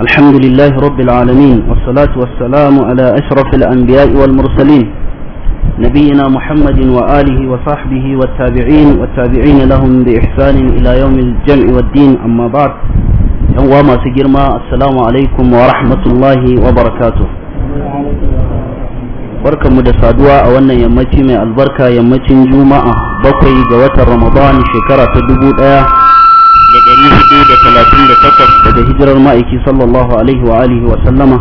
الحمد لله رب العالمين والصلاة والسلام على أشرف الأنبياء والمرسلين نبينا محمد وآله وصحبه والتابعين والتابعين لهم بإحسان إلى يوم الجمع والدين أما بعد يوم سجرما السلام عليكم ورحمة الله وبركاته barkanmu da saduwa a wannan yammaci mai albarka yammacin juma'a bakwai ga watan ramadan shekara ta dubu ɗaya da ɗari hudu da talatin da takwas daga hijirar ma'aiki sallallahu alaihi wa alihi wa sallama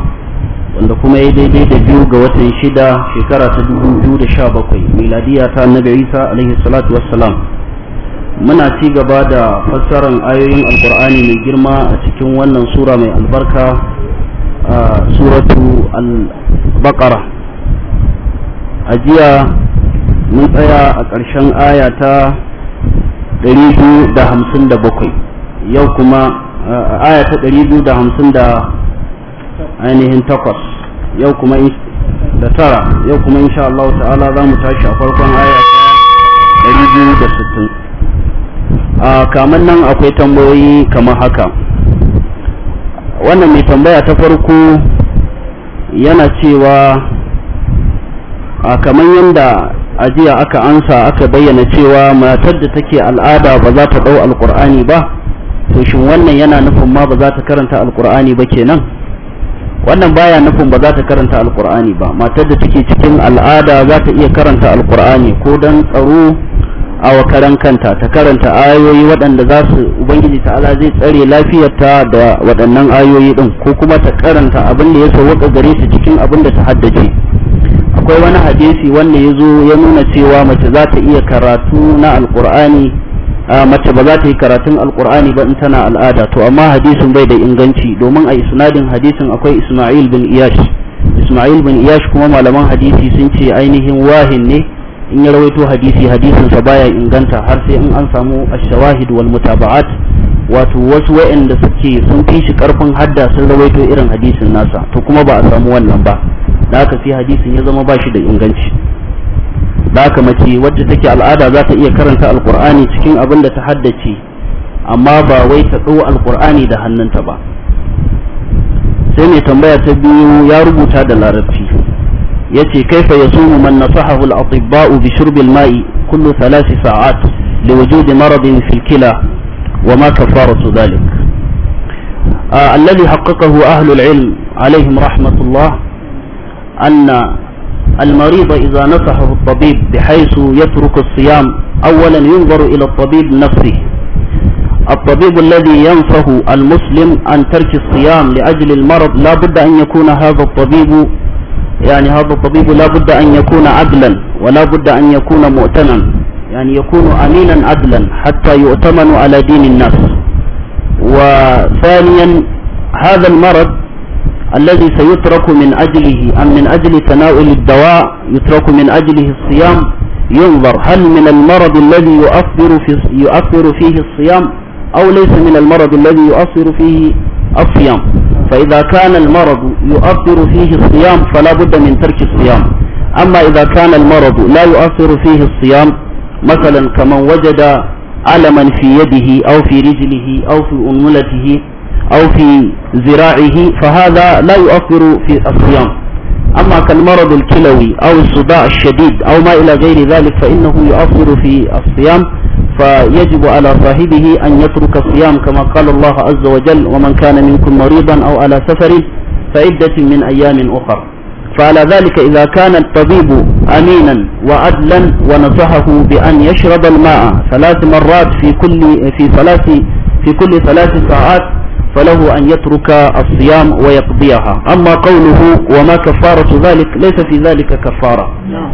wanda kuma ya daidai da biyu ga watan shida shekara ta dubu biyu da sha bakwai miladiya ta annabi isa alaihi salatu wassalam muna ci gaba da fassarar ayoyin alkur'ani mai girma a cikin wannan sura mai albarka a suratu al-baqara a jiya mun tsaya a ƙarshen aya ta Dari biyu da hamsin da bakwai yau kuma eh, aya ta dari biyu da hamsin da ainihin takwas yau kuma da tara yau kuma insha Allah ta'ala za mu tashi a farkon aya ta ɗari biyu da sittin a kaman nan akwai tambayoyi kamar haka wannan mai tambaya ta farko yana cewa a kamar yadda a jiya aka ansa aka bayyana cewa matar da take al'ada ba za ta ɗau alƙur'ani ba to shin wannan yana nufin ma ba za ta karanta alƙur'ani ba kenan wannan baya nufin ba za ta karanta alƙur'ani ba matar da take cikin al'ada za ta iya karanta alƙur'ani ko don tsaro a wakaran kanta ta karanta ayoyi waɗanda za su ubangiji ta'ala zai tsare lafiyarta da waɗannan ayoyi ɗin ko kuma ta karanta abin da ya sauwaka gare su cikin abin da ta haddace akwai wani hadisi wanda ya zo ya nuna cewa mace za ta iya karatu na alkur'ani mace ba za ta yi karatun alkur'ani ba in tana al'ada to amma hadisin bai da inganci domin a isnadin hadisin akwai isma'il bin iyash isma'il bin iyash kuma malaman hadisi sun ce ainihin wahin ne in ya rawaito hadisi hadisin sa baya inganta har sai in an samu ash-shawahid wal mutaba'at wato wasu wa'anda suke sun fi shi karfin hadda sun rawaito irin hadisin nasa to kuma ba a samu wannan ba da haka sai hadisin ya zama bashi da inganci da haka mace wacce take al'ada za ta iya karanta alqur'ani cikin abin da ta haddace amma ba wai ta ɗau alqur'ani da hannunta ba sai ne tambaya ta biyu ya rubuta da larabci yace ce kaifa ya man nasahahu al-atibba'u bi al ma'i kullu thalath sa'at li liwujudi maradin al kila wa ma kafaratu dhalik الذي حققه أهل العلم عليهم رحمة الله أن المريض إذا نصحه الطبيب بحيث يترك الصيام أولا ينظر إلى الطبيب نفسه الطبيب الذي ينصح المسلم أن ترك الصيام لأجل المرض لا بد أن يكون هذا الطبيب يعني هذا الطبيب لا بد أن يكون عدلا ولا بد أن يكون مؤتنا يعني يكون أمينا عدلا حتى يؤتمن على دين الناس وثانيا هذا المرض الذي سيترك من أجله أم من أجل تناول الدواء يترك من أجله الصيام ينظر هل من المرض الذي يؤثر, في يؤثر فيه الصيام أو ليس من المرض الذي يؤثر فيه الصيام فإذا كان المرض يؤثر فيه الصيام فلا بد من ترك الصيام أما إذا كان المرض لا يؤثر فيه الصيام مثلا كمن وجد علما في يده أو في رجله أو في أنملته أو في ذراعه فهذا لا يؤثر في الصيام أما كالمرض الكلوي أو الصداع الشديد أو ما إلى غير ذلك فإنه يؤثر في الصيام فيجب على صاحبه أن يترك الصيام كما قال الله عز وجل ومن كان منكم مريضا أو على سفر فعدة من أيام أخر فعلى ذلك إذا كان الطبيب أمينا وعدلا ونصحه بأن يشرب الماء ثلاث مرات في كل في ثلاث في كل ثلاث ساعات فله أن يترك الصيام ويقضيها أما قوله وما كفارة ذلك ليس في ذلك كفارة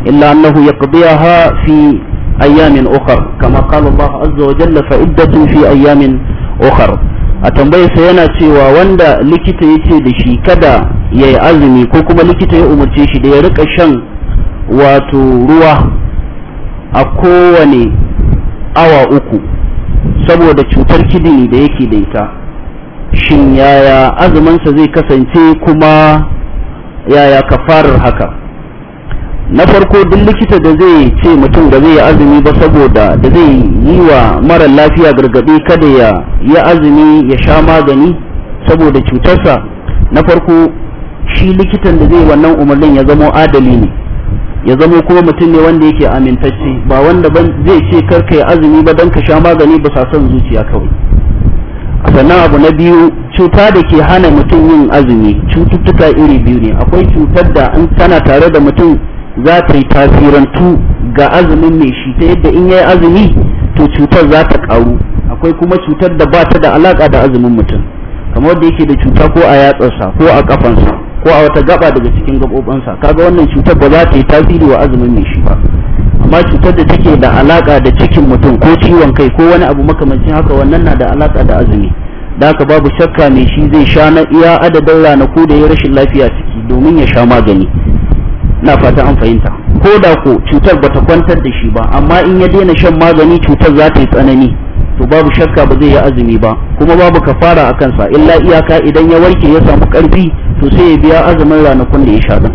إلا أنه يقضيها في أيام أخر كما قال الله عز وجل فعدة في أيام أخر a tambayi yana cewa wanda likita ya ce da shi kada ya yi azumi ko kuma likita ya umarce shi da ya rika shan wato ruwa a kowane awa uku saboda cutar kidini da yake da ita shin yaya azumansa zai kasance kuma yaya kafarar haka na farko duk likita da zai ce mutum da zai yi azumi ba saboda da zai yi wa mara lafiya gargaɗi kada ya yi azumi ya sha magani saboda cutarsa na farko shi likitan da zai wannan umarnin ya zamo adali ne ya zamo kuma mutum ne wanda yake amintacce ba wanda zai ce karka yi azumi ba don ka sha magani ba sa son zuciya kawai sannan abu na biyu cuta da ke hana mutum yin azumi cututtuka iri biyu ne akwai cutar da in tana tare da mutum za ta yi tasirantu ga azumin mai shi ta yadda in yi azumi to cutar za ta karu akwai kuma cutar da ba ta da alaka da azumin mutum kamar da yake da cuta ko a yatsarsa ko a kafansa ko a wata gaba daga cikin gabobinsa kaga wannan cutar ba za ta yi tasiri wa azumin mai shi ba amma cutar da take da alaka da cikin mutum ko ciwon kai ko wani abu makamancin haka wannan na da alaka da azumi da haka babu shakka ne shi zai sha na iya adadin ranaku da ya rashin lafiya ciki domin ya sha magani na fata an fahimta ko da ko cutar bata kwantar da shi ba amma in ya daina shan magani cutar za ta yi tsanani to babu shakka ba zai yi azumi ba kuma babu kafara a kansa illa iyaka idan ya warke ya samu karfi to sai ya biya azumin ranakun da ya sha din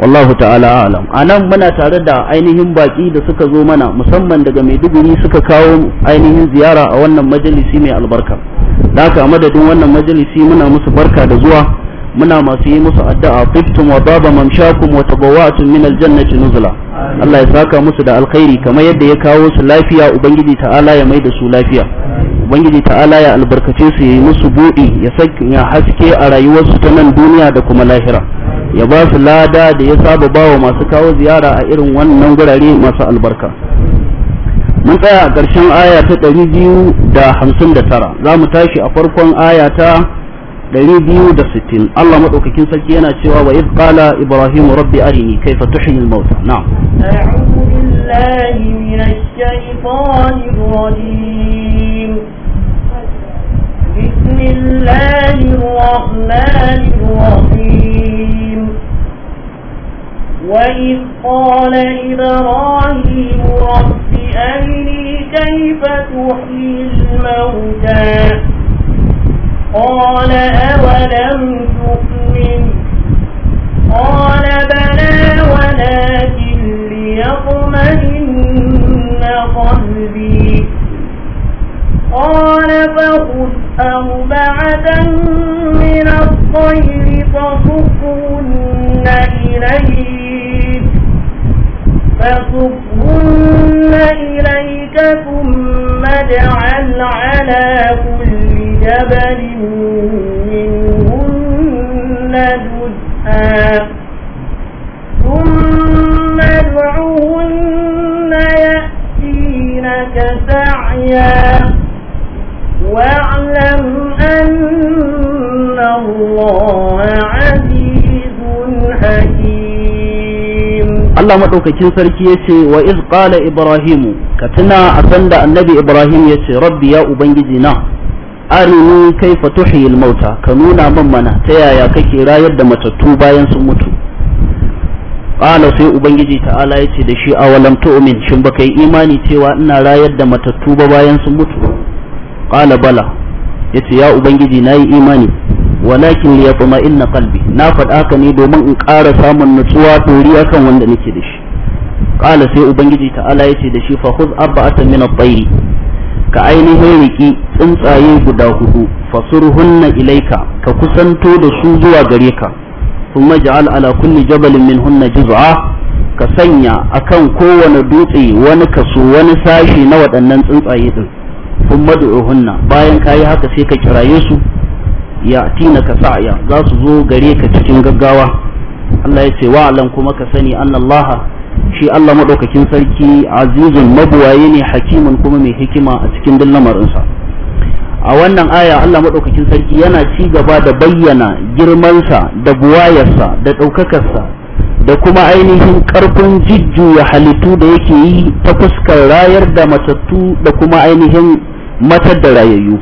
wallahu ta'ala alam a nan muna tare da ainihin baki da suka zo mana musamman daga maiduguri suka kawo ainihin ziyara a wannan majalisi mai albarka da aka a madadin wannan majalisi muna musu barka da zuwa muna masu yi musu addu'a tiftum wa baba mamshakum wa tabawwa'tum min aljannati nuzula Allah ya saka musu da alkhairi kamar yadda ya kawo su lafiya ubangiji ta'ala ya mai da su lafiya ubangiji ta'ala ya albarkace su yi musu buɗi ya haske a rayuwarsu ta nan duniya da kuma lahira ya ba su lada da ya saba ba wa masu kawo ziyara a irin wannan gurare masu albarka mun tsaya a ƙarshen aya ta ɗari biyu da hamsin da tara za mu tashi a farkon aya ta ɗari biyu da sittin Allah maɗaukakin sarki yana cewa wa iz qala ibrahimu rabbi arini kaifa tuhyi al-maut na'am a'udhu billahi minash shaitanir rajim بسم الله الرحمن الرحيم وإذ قال إبراهيم رب أرني كيف تحيي الموتى قال أولم تؤمن قال بلى ولكن ليطمئن قلبي قال فخذ أربعة من الطير فصفهن فاكتبهن إليك ثم اجعل على كل جبل منهن جزءا ثم ادعوهن يأتينك سعيا واعلم أن الله Allah madaukakin sarki yace wa iz qala ibrahim ka tuna a sanda annabi ibrahim yace rabbi ya ubangiji na arini kai tuhyil mauta ka nuna man mana ta yaya kake rayar da matattu bayan sun mutu qala sai ubangiji ta'ala yace da shi awalam tu'min shin baka yi imani cewa ina rayar da matattu ba bayan sun mutu qala bala yace ya ubangiji nayi imani walakin liyatma'inna qalbi na faɗa ka ne domin in ƙara samun nutsuwa doriya kan wanda nake da shi ƙala sai ubangiji ta'ala ya ce da shi fa khudh arba'atan min at ka ainihin riki tsuntsaye guda hudu surhunna ilaika ka kusanto da su zuwa gare ka kuma ja'al ala kulli jabalin minhunna juz'a ka sanya akan kowane dutse wani kaso wani sashi na waɗannan tsuntsaye din kuma hunna bayan kayi haka sai ka kiraye su ya tina ka sa'ya za su zo gare ka cikin gaggawa Allah ya ce wa'alan kuma ka sani annallaha shi Allah madaukakin sarki azizun mabuwaye ne hakimun kuma mai hikima a cikin duk lamarinsa a wannan aya Allah madaukakin sarki yana ci gaba da bayyana girmansa da buwayarsa da ɗaukakarsa da kuma ainihin ƙarfin jujjuya halittu da yake yi ta fuskar rayar da matattu da kuma ainihin matar da rayayyu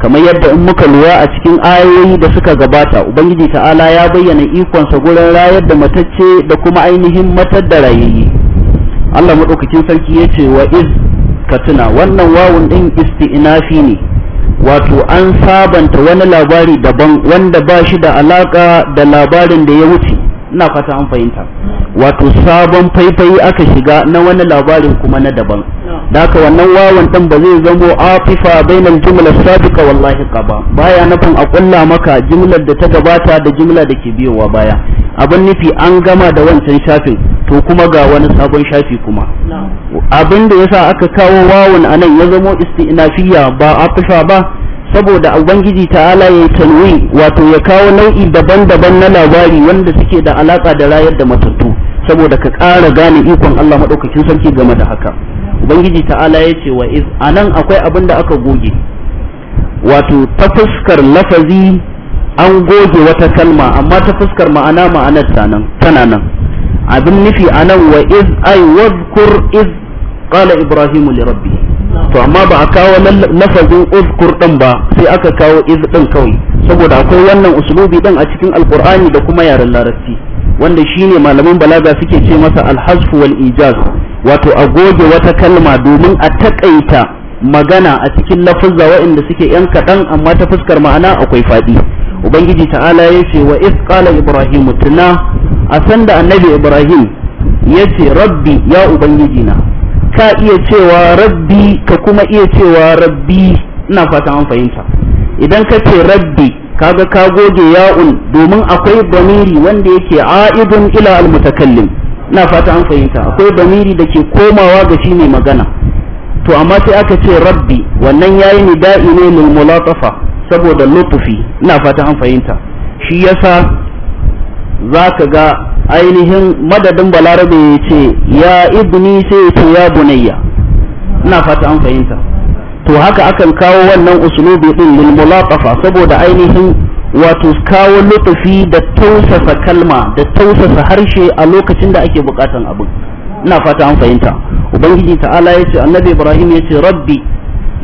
kamar yadda in muka lura a cikin ayoyi da suka gabata ubangiji ta'ala ya bayyana ikonsa gurin rayar da matacce da kuma ainihin matar da rayayye Allah madaukakin sarki ya ce wa iz ka wannan wawun din isti'nafi ne wato an sabanta wani labari daban wanda ba shi da alaka da labarin da ya wuce ina fata an fahimta wato sabon faifayi aka shiga na wani labarin kuma na daban daka wannan wawan dan ba zai zamo afifa bainal jumla sabiqa wallahi qaba baya nufin a kulla maka jumlar da ta gabata da jumla da ke biyowa baya abin nufi an gama da wancan shafin to kuma ga wani sabon shafi kuma abin da yasa aka kawo wawan anan ya zamo isti'nafiya ba afifa ba saboda ubangiji ta'ala ya tanwi wato ya kawo nau'i daban-daban na labari wanda suke da alaka da rayar da matattu saboda ka ƙara gane ikon Allah madaukakin sarki game da haka ubangiji ta'ala ya ce wa iz anan akwai abin da aka goge wato ta fuskar lafazi an goge wata kalma amma ta fuskar ma'ana ma'anar tana nan abin nufi anan wa iz ai wazkur iz qala ibrahim li rabbi to amma ba a kawo lafazin uzkur din ba sai aka kawo iz din kawai saboda akwai wannan usulubi din a cikin alqur'ani da kuma yaren larabci wanda shine malaman balaga suke ce masa alhasfu wal ijaz wato a goge wata kalma domin a takaita magana a cikin lafuzza waɗanda suke yan kaɗan amma ta fuskar ma'ana akwai faɗi ubangiji ta'ala ya ce wa is qala ibrahim tuna a sanda annabi ibrahim ya ce rabbi ya ubangiji na ka iya cewa rabbi ka kuma iya cewa rabbi ina fata an fahimta idan ka ce rabbi kaga ka goge ya'un domin akwai bamiri wanda yake a'idun ila al na fata an fahimta akwai bamiri da ke komawa ga shi ne magana to amma sai aka ce rabbi wannan yayi ni da'i ne lil mulatafa saboda lutufi na fata an fahimta shi yasa zaka ga ainihin madadin balarabe ya ce ya ibni sai ya ya bunayya na fata an fahimta to haka akan kawo wannan usulubi din lil mulatafa saboda ainihin wato kawo lutufi da tausasa kalma da tausasa harshe a lokacin da ake bukatan abin ina fata an fahimta ubangiji ta'ala ya ce annabi ibrahim ya ce rabbi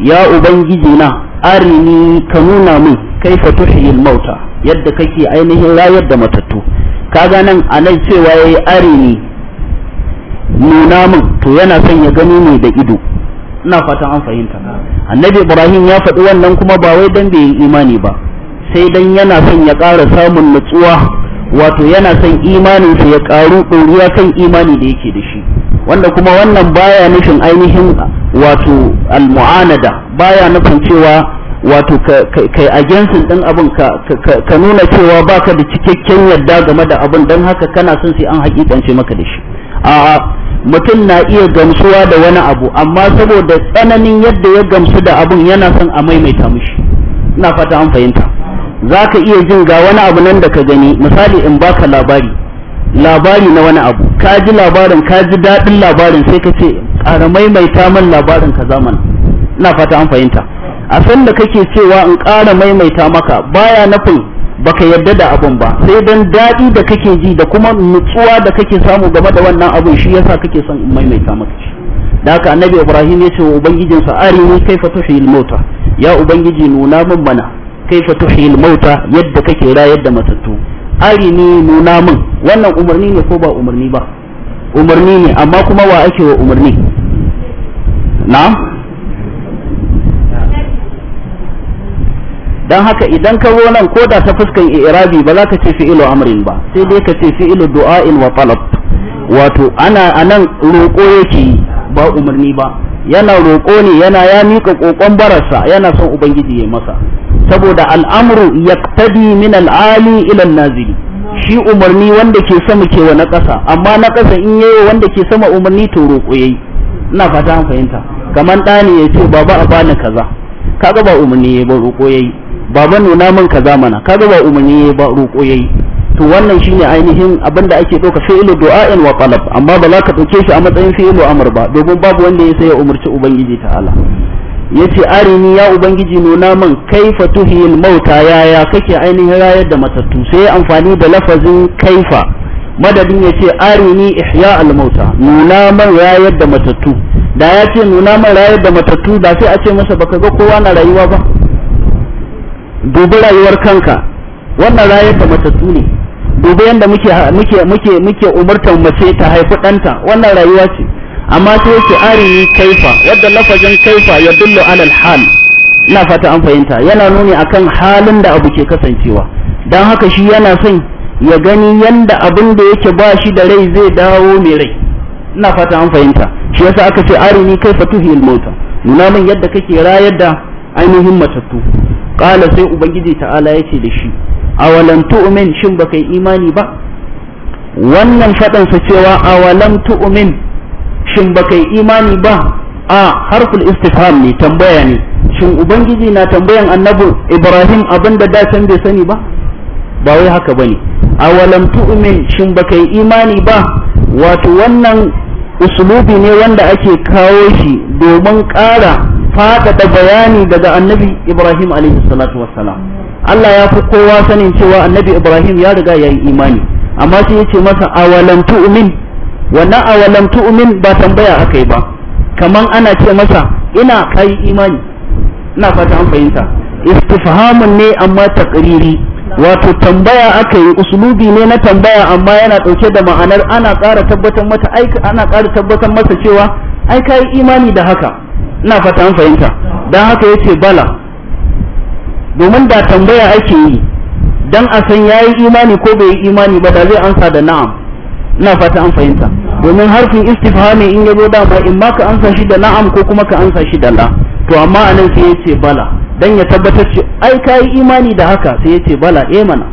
ya ubangiji na arini ka nuna min kaifa tuhyil mauta yadda kake ainihin rayar da matattu kaga nan anan cewa yayi arini nuna min to yana son ya gani ne da ido ina fatan an fahimta annabi ibrahim ya faɗi wannan kuma ba wai dan bai imani ba sai dan yana son ya ƙara samun nutsuwa wato yana son imaninsa ya ƙaru ɗoriya kan imani da yake da shi wanda kuma wannan baya nufin ainihin wato almu'anada baya nufin cewa wato kai agensin ɗin abin ka nuna cewa baka da cikakken yadda game da abin don haka kana son sai an hakikance maka da shi a'a mutum na iya gamsuwa da wani abu amma saboda tsananin yadda ya gamsu da abin yana son a maimaita mishi ina fata an fahimta za ka iya jin ga wani abu nan da ka gani misali in baka labari labari na wani abu ka ji labarin ka ji daɗin labarin sai ka ce ƙara maimaita man labarin ka zamana ina fata an fahimta a san da kake cewa in ƙara maimaita maka baya nufin baka yarda da abin ba sai dan daɗi da kake ji da kuma nutsuwa da kake samu game da wannan abun shi yasa kake son in maimaita maka shi da haka annabi ibrahim ya ce wa ubangijinsa ne kaifa tuhil mota ya ubangiji nuna min mana kaifa tuhil mauta yadda kake rayar da matattu ne nuna min wannan umarni ne ko ba umarni ba umarni ne amma kuma wa ake wa umarni na dan haka idan ka zo nan ko da ta fuskan i'rabi ba za ka ce fi'ilu amrin ba sai dai ka ce fi'ilu du'a'in wa talab wato ana anan roƙo yake ba umarni ba yana roƙo ne yana ya mika kokon bararsa yana son ubangiji ya masa saboda al'amuru ya tabi min al'ali ilan naziri shi umarni wanda ke sama ke wa na ƙasa amma na ƙasa in yayi wanda ke sama umarni to roƙo yayi ina fata an fahimta ɗa ɗani ya ce baba a bani kaza kaga ba umarni yayi ba roƙo yayi baba nuna min kaza mana kaga ba umarni yayi ba roƙo yayi to wannan shine ainihin abinda ake ɗauka fi'ilu du'a'in wa talab amma ba za ka ɗauke shi a matsayin fi'ilu amr ba domin babu wanda ya sai ya umarci ubangiji ta'ala yace arini ya ubangiji nuna man kaifa tuhil mauta yaya kake ainihin rayar da matattu sai amfani da lafazin kaifa madadin yace arini ihya al mauta nuna man rayar da matattu da ya ce nuna man rayar da matattu da sai a ce masa baka ga kowa na rayuwa ba dubi rayuwar kanka wannan rayar da matattu ne dubi yanda muke muke muke muke mace ta haifi ɗanta wannan rayuwa ce amma sai yake ari kaifa yadda lafazin kaifa ya dullo alal hal ina fata an fahimta yana nuni akan halin da abu ke kasancewa dan haka shi yana son ya gani yanda abin da yake ba shi da rai zai dawo mai rai ina fata an fahimta shi yasa aka ce arini kaifa tuhil mota nuna min yadda kake rayar da ainihin matattu qala sai ubangiji ta'ala yace da shi awalan tu'min shin baka imani ba wannan fadan sa cewa awalan tu'min shin ba yi imani ba a harful istifham ne tambaya ne shin ubangiji na tambayan annabi ibrahim abinda da san bai sani ba ba wai haka bane walam tu'min shin ba yi imani ba wato wannan usulubi ne wanda ake kawo shi domin ƙara da bayani daga annabi ibrahim alaihi salatu wassalam Allah ya fi kowa sanin cewa annabi ibrahim ya riga ya yi imani amma sai ya ce masa awalam tu'min wannan awalam tu'min ba tambaya akai ba kaman ana ce masa ina kai imani ina fata an fahimta istifhamun ne amma taqriri wato tambaya aka yi usulubi ne na tambaya amma yana dauke da ma'anar ana ƙara tabbatar mata ana ƙara tabbatar masa cewa ai kai imani da haka ina fata an fahimta dan haka yace bala domin da tambaya ake yi dan a san yayi imani ko bai yi imani ba da zai amsa da na'am ina fata an fahimta domin harfin istifhami in yazo dama in ma ka ansa shi da na'am ko kuma ka ansa shi da la to amma anan sai yace bala dan ya tabbatar ce ai kai imani da haka sai yace bala eh mana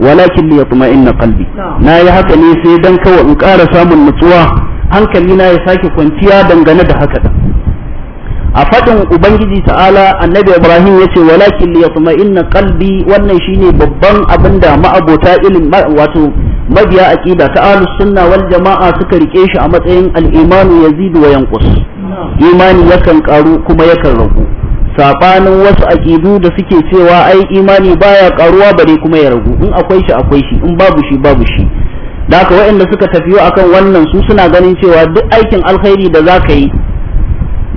walakin li yatma'inna qalbi na yi haka ne sai dan kawai in ƙara samun nutsuwa hankali na ya sake kwanciya dangane da haka da a faɗin ubangiji ta'ala annabi ibrahim ya ce walakin li yatma'inna qalbi wannan shine babban abin da ma'abota ilimi wato mabiya aqida ta ahlus sunna wal jama'a suka rike shi a matsayin al-imanu yazidu wa yanqus imani yakan karu kuma yakan ragu sabanin wasu aqidu da suke cewa ai imani baya karuwa bare kuma ya ragu in akwai shi akwai shi in babu shi babu shi da haka waɗanda suka tafiyo akan wannan su suna ganin cewa duk aikin alkhairi da za ka yi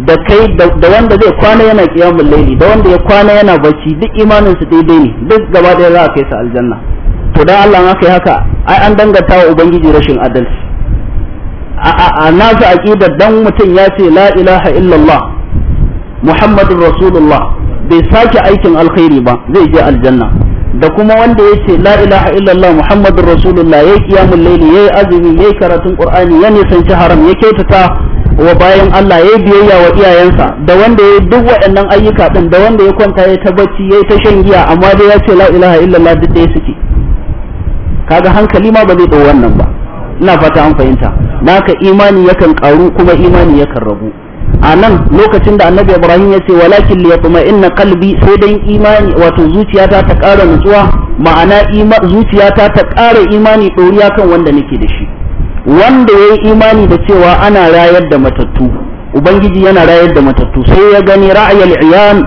da kai da wanda zai kwana yana kiyamul laili da wanda ya kwana yana bacci duk imanin su daidai ne duk gaba ɗaya za a kai su aljanna to dan Allah haka haka ai an danganta wa ubangiji rashin adalci a nasu aqidar dan mutum ya ce la ilaha illallah muhammadur rasulullah bai sake aikin alkhairi ba zai je aljanna da kuma wanda ya ce la ilaha illallah muhammadur rasulullah yayi qiyamul layli yayi azumi yayi karatun qur'ani ya nisanci haram ya kyautata wa bayan Allah yayi biyayya wa iyayensa da wanda yayi duk waɗannan ayyuka din da wanda ya kwanta ya ta bacci yayi ta shan giya amma dai ya ce la ilaha illallah duk da ya suke kaga hankali ma ba zai ɗau wannan ba ina fata an fahimta naka imani yakan ƙaru kuma imani yakan ragu a nan lokacin da annabi ibrahim ya ce walakin li inna qalbi sai dai imani wato zuciyata ta ƙara nutsuwa ma'ana zuciyata ta ƙara imani ɗoriya kan wanda nake da shi wanda yayi imani da cewa ana rayar da matattu ubangiji yana rayar da matattu sai ya gani ra'ayal iyan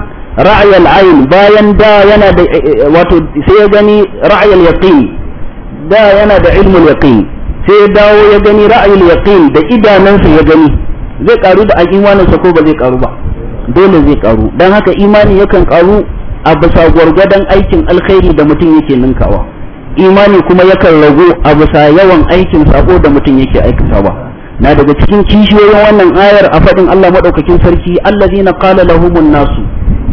ra'ayal ayn bayan da yana da eh, eh, wato sai ya gani ra'ayal yaqin da yana da ilmul yaqin sai ya dawo ya gani ra'ayul yaqin da idanansa ya gani zai karu da imaninsa ko ba zai karu ba dole zai karu dan haka imani yakan karu a bisa gwargwadon aikin alkhairi da mutum yake ninkawa imani kuma yakan rago a bisa yawan aikin sako da mutum yake aikata ba na daga cikin kishiyoyin wannan ayar a faɗin Allah madaukakin sarki allazina qala lahumun nasu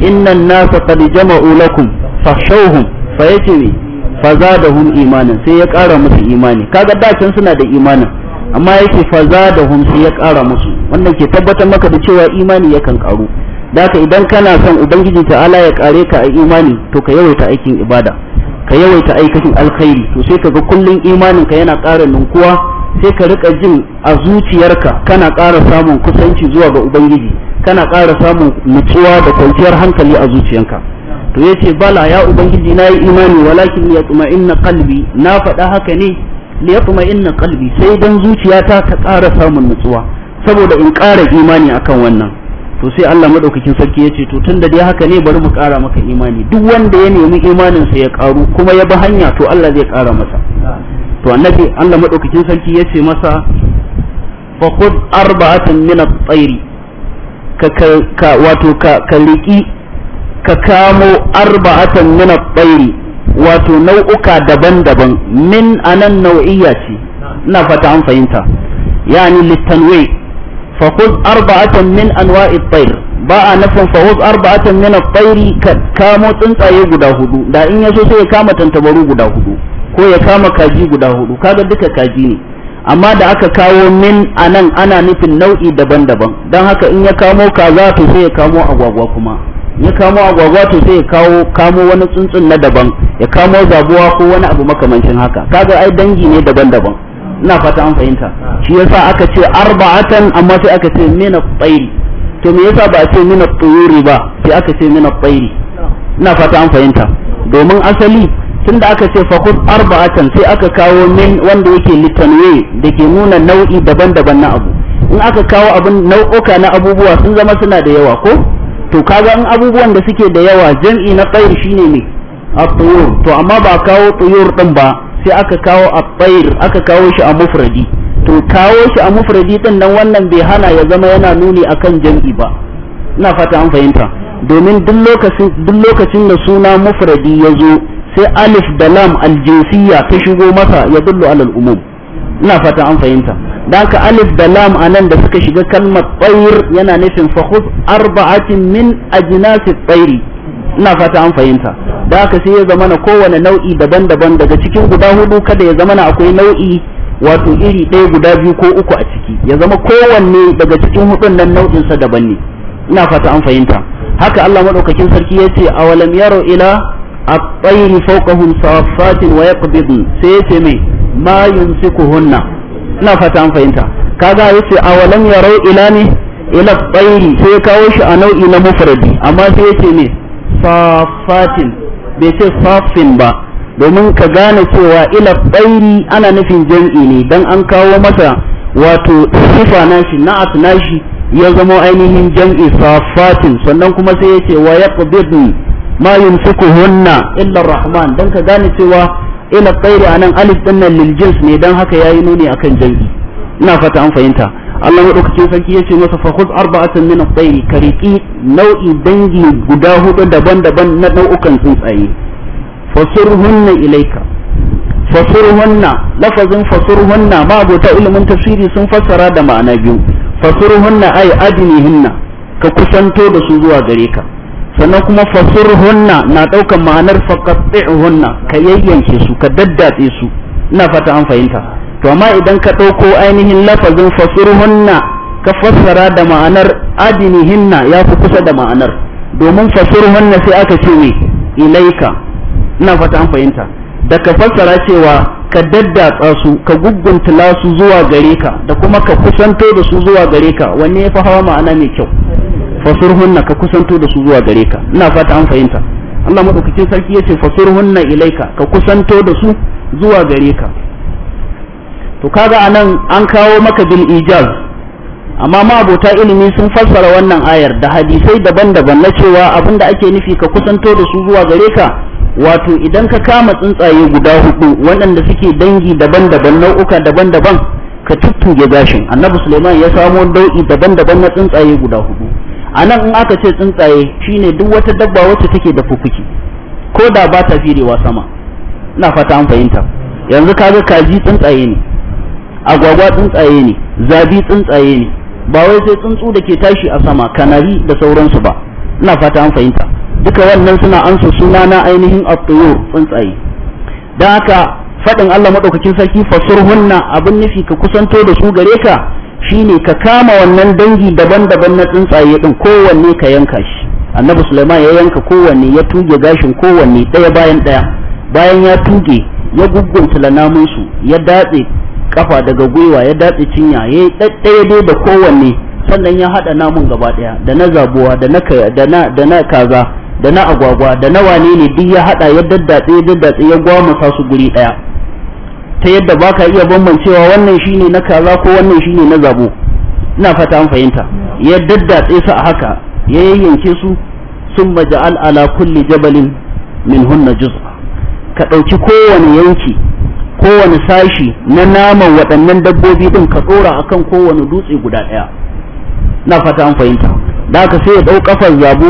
innan nasa qad jama'u lakum fahshawhum fazadahum imanin sai ya kara musu imani kaga da can suna da imanin amma yake faza fazadahum sai ya kara musu wannan ke tabbatar maka da cewa imani yakan ƙaru daka idan kana son ubangiji ta'ala ya kare ka a imani to ka yawaita aikin ibada ka yawaita aikin alkhairi to sai kaga kullun imanin ka yana ƙara ninkuwa sai ka rika jin a zuciyarka kana kara samun kusanci zuwa ga ubangiji kana kara samun nutsuwa da kwanciyar hankali a zuciyarka. to yace bala ya ubangiji na yi imani walakin ya tuma inna qalbi na faɗa haka ne ya yatma inna qalbi sai dan zuciyata ta ƙara samun nutsuwa saboda in ƙara imani akan wannan to sai Allah madaukakin sarki yace to tunda dai haka ne bari mu ƙara maka imani duk wanda ya nemi imanin sa ya ƙaru kuma ya bi hanya to Allah zai ƙara masa to annabi Allah madaukakin sarki yace masa fa khud arba'atan min at-tayr ka ka wato ka ka ka kamo arba'atan min at-tayri wato nau'uka daban-daban min anan nau'iyya ce ina fata an fahimta yani litanwi fa khudh arba'atan min anwa'i at-tayr ba a nafin fa khudh arba'atan min at-tayr ka kamo tsuntsaye guda hudu da in yaso sai ya kama tantabaru guda hudu ko ya kama kaji guda hudu kaga duka kaji ne amma da aka kawo min anan ana nufin nau'i daban-daban don haka in ya kamo kaza to sai ya kamo agwagwa kuma ya kamo agwagwa to sai ya kawo kamo wani tsuntsun na daban ya kamo zabuwa ko wani abu makamancin haka kaga ai dangi ne daban-daban ina fata an fahimta shi yasa aka ce arba'atan amma sai aka ce mina tsayi to me yasa ba a ce mina at ba sai aka ce mina tsayi ina fata an fahimta domin asali tun da aka ce fakud arba'atan sai aka kawo min wanda yake litanwe da ke nuna nau'i daban-daban na abu in aka kawo abin nau'uka na abubuwa sun zama suna da yawa ko to kaga in abubuwan da suke da yawa jam'i na tsayir shine ne a tuyur to amma ba kawo tuyur ɗin ba sai aka kawo a tsayir aka kawo shi a mufradi to kawo shi a mufradi din nan wannan bai hana ya zama yana nuni akan jam'i ba ina fata an fahimta domin duk lokacin da suna mufradi ya zo sai alif da lam aljinsiya ta shigo masa ya dullu alal umum ina fata an fahimta da haka alif da lam a nan da suka shiga kalmar tsayir yana nufin fahuz arba'atin min ajnasi tsairi ina fata an fahimta da haka sai ya zamana kowane nau'i daban-daban daga cikin guda hudu kada ya zamana akwai nau'i wato iri ɗaya guda biyu ko uku a ciki ya zama kowanne daga cikin hudun nan nau'in sa daban ne ina fata an fahimta haka Allah madaukakin sarki ya ce awalam yaro ila a at-tayri fawqahum saffatin wa yaqbidun sai ya ce mai ma yumsikuhunna ina fata an fahimta kaga yace awalan yarau ila ne ila tsairi sai kawo shi a nau'i na mufradi amma sai yace ne safatin bai ce safin ba domin ka gane cewa ila tsairi ana nufin jam'i ne dan an kawo masa wato sifa nashi na'at shi ya zama ainihin jam'i safatin sannan kuma sai yace wa yaqbidu ma yumsikuhunna illa rahman dan ka gane cewa ila tsairu a nan alif ɗin nan liljins ne don haka ya yi nuni akan jam'i ina fata an fahimta Allah maɗaukacin sarki ya ce masa fakus arba'atin min tsairi ka riƙi nau'i dangi guda hudu daban-daban na nau'ukan tsuntsaye fasurhunna ilaika fasurhunna lafazin fasurhunna ma abota ilimin tafsiri sun fassara da ma'ana biyu fasurhunna ay hinna ka kusanto da su zuwa gare ka sannan kuma fasurhunna na ɗaukan ma'anar hunna ka yayyanke su ka daddatse su ina fata an fahimta to amma idan ka ɗauko ainihin lafazin fasurhunna ka fassara da ma'anar adinihinna ya fi kusa da ma'anar domin fasurhunna sai aka ce ne ilaika ina fata an fahimta da ka fassara cewa ka daddatsa su ka guguntula su zuwa gare ka da kuma ka kusanto da su zuwa gare ka wanne ya fi hawa ma'ana mai kyau fasurhunna ka kusanto da su zuwa gare ka ina fata an fahimta Allah madaukakin sarki yace fasurhunna ilaika ka kusanto da su zuwa gare ka to kaga anan an kawo maka bil ijaz amma ma abota ilimi sun fassara wannan ayar da hadisai daban-daban na cewa abinda ake nufi ka kusanto da su zuwa gare ka wato idan ka kama tsuntsaye guda hudu waɗanda suke dangi daban-daban nau'uka daban-daban ka tuttuge gashin annabi suleiman ya samo nau'i daban-daban na tsuntsaye guda hudu a nan in aka ce tsuntsaye shine duk wata dabba wacce take da fufuki ko da ba ta firewa sama ina fata an fahimta yanzu kaga kaji tsuntsaye ne agwagwa tsuntsaye ne zabi tsuntsaye ne ba wai sai tsuntsu da ke tashi a sama kanari da sauransu ba ina fata an fahimta duka wannan suna ansa suna na ainihin at tsuntsaye Don haka faɗin Allah maɗaukakin sarki fasurhunna abin nufi ka kusanto da su gare ka shine ka kama wannan dangi daban-daban na tsuntsaye din kowanne ka yanka shi annabi Sulaiman ya yanka kowanne ya tuge gashin kowanne daya bayan daya bayan ya tuge ya gugunta namun su ya datse kafa daga gwiwa ya datse cinya ya yi dai da kowanne sannan ya haɗa namun gaba daya da na zabuwa da na kaza da na agwagwa da na wane ne duk ya haɗa ya daddatse ya daddatse su guri daya ta yadda ba ka iya bambancewa wannan shi ne na kaza ko wannan shi ne na zabo ina fata an fahimta ya daddatse su a haka ya yayyanke su sun maja'al al'ala kulle jabalin min hunna juz'a ka ɗauki kowane yanki kowane sashi na naman waɗannan dabbobi ɗin ka ɗora kan kowane dutse guda ɗaya na fata an fahimta da haka sai ya ɗau ƙafar zabu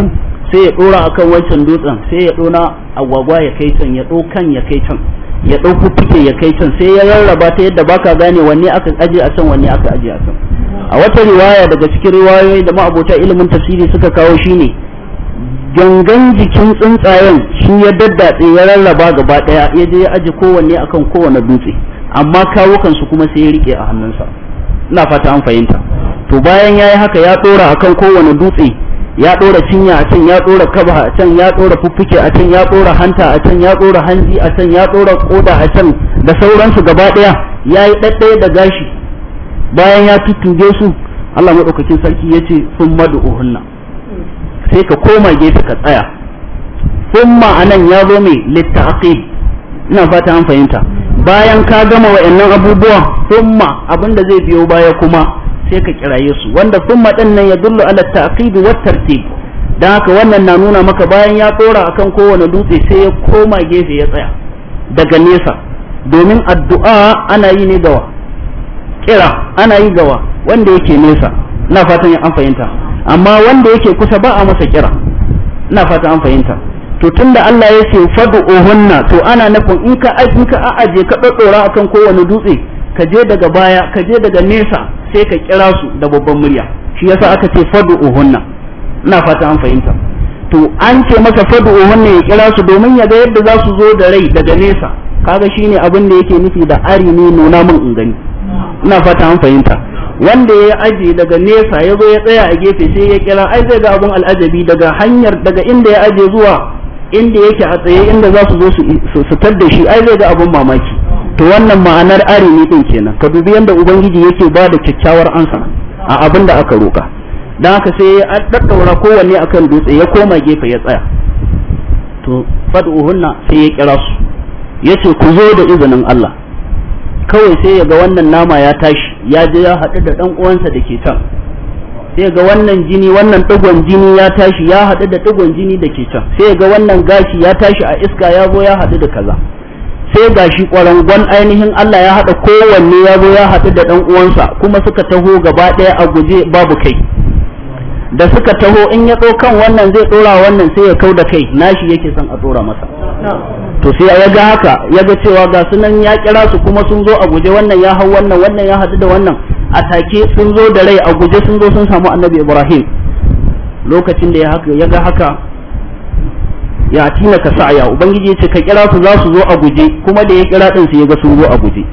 sai ya ɗora akan wancan dutsen sai ya ɗona agwagwa ya kai can ya ɗau kan ya kai can ya ɗauko fike ya kai can sai ya rarraba ta yadda baka gane wanne aka aje a can wanne aka aje a can a wata riwaya daga cikin riwayoyi da ma'abota ilimin tasiri suka kawo shine gangan jikin tsuntsayen shi ya daddatse ya rarraba gaba daya ya je ya aje kowanne akan kowane dutse amma kawukansu kansu kuma sai ya rike a hannunsa ina fata an fahimta to bayan ya yi haka ya ɗora akan kowane dutse ya ɗora cinya a can ya ɗora kaba a can ya ɗora fuffuke a can ya ɗora hanta a can ya ɗora hanzi a can ya ɗora koda a can da sauransu gaba daya ya yi ɗaɗɗaya da gashi bayan ya tuttuge su Allah madaukakin sarki ya ce sun uhunna sai ka koma gefe ka tsaya summa anan ya zo mai litta'aqib ina fata an fahimta bayan ka gama wa'annan abubuwa summa abinda zai biyo baya kuma sai ka kiraye su wanda sun maɗin nan ya dullu ala ta'qib wa tartib don haka wannan na nuna maka bayan ya tsora akan kowane dutse sai ya koma gefe ya tsaya daga nesa domin addu'a ana yi ne gawa kira ana yi gawa wanda yake nesa na fatan an fahimta amma wanda yake kusa ba a masa kira na fatan an fahimta to tunda Allah ya ce ohunna to ana nufin in ka in ka ɗaɗɗora ka daddora akan kowane dutse ka je daga baya ka je daga nesa sai ka kira su da babban murya shi yasa aka ce uhunna ina fata an fahimta to an ce masa uhunna ya kira su domin ya ga yadda za su zo da rai daga nesa kaga shine abin da yake nufi da ari ne nuna min in gani ina fata an fahimta wanda ya aje daga nesa ya zo ya tsaya a gefe sai ya kira ai zai ga abin al'ajabi daga hanyar daga inda ya aje zuwa inda yake a tsaye inda za su zo su tar da shi ai zai ga abin mamaki to wannan ma'anar arimi din kenan ka dubi yadda ubangiji yake ba da kyakkyawar ansa a abin da aka roka don haka sai ya daddaura kowanne akan dutse ya koma gefe ya tsaya to fad'uhunna sai ya kira su yace ku zo da izinin Allah kawai sai ya ga wannan nama ya tashi ya je ya haɗu da ɗan uwansa da ke can sai ga wannan jini wannan ɗigon jini ya tashi ya haɗu da ɗigon jini da ke can sai ga wannan gashi ya tashi a iska ya zo ya haɗu da kaza sai ga shi ƙwarangon ainihin Allah ya haɗa kowanne ya zo ya haɗu da ɗan uwansa kuma suka taho gaba ɗaya a guje babu kai da suka taho in ya kan wannan zai ɗora wannan sai ya kau da kai nashi yake son a ɗora masa to sai ya ga haka ya ga cewa ga sunan ya kira su kuma sun zo a guje wannan ya hau wannan wannan ya haɗu da wannan a take sun zo da rai a guje sun zo sun samu annabi ibrahim lokacin da ya haka ya ga haka ya tina ka saaya ubangiji ya ce ka kira su za su zo a guje kuma da ya kira din su ya ga sun zo a guje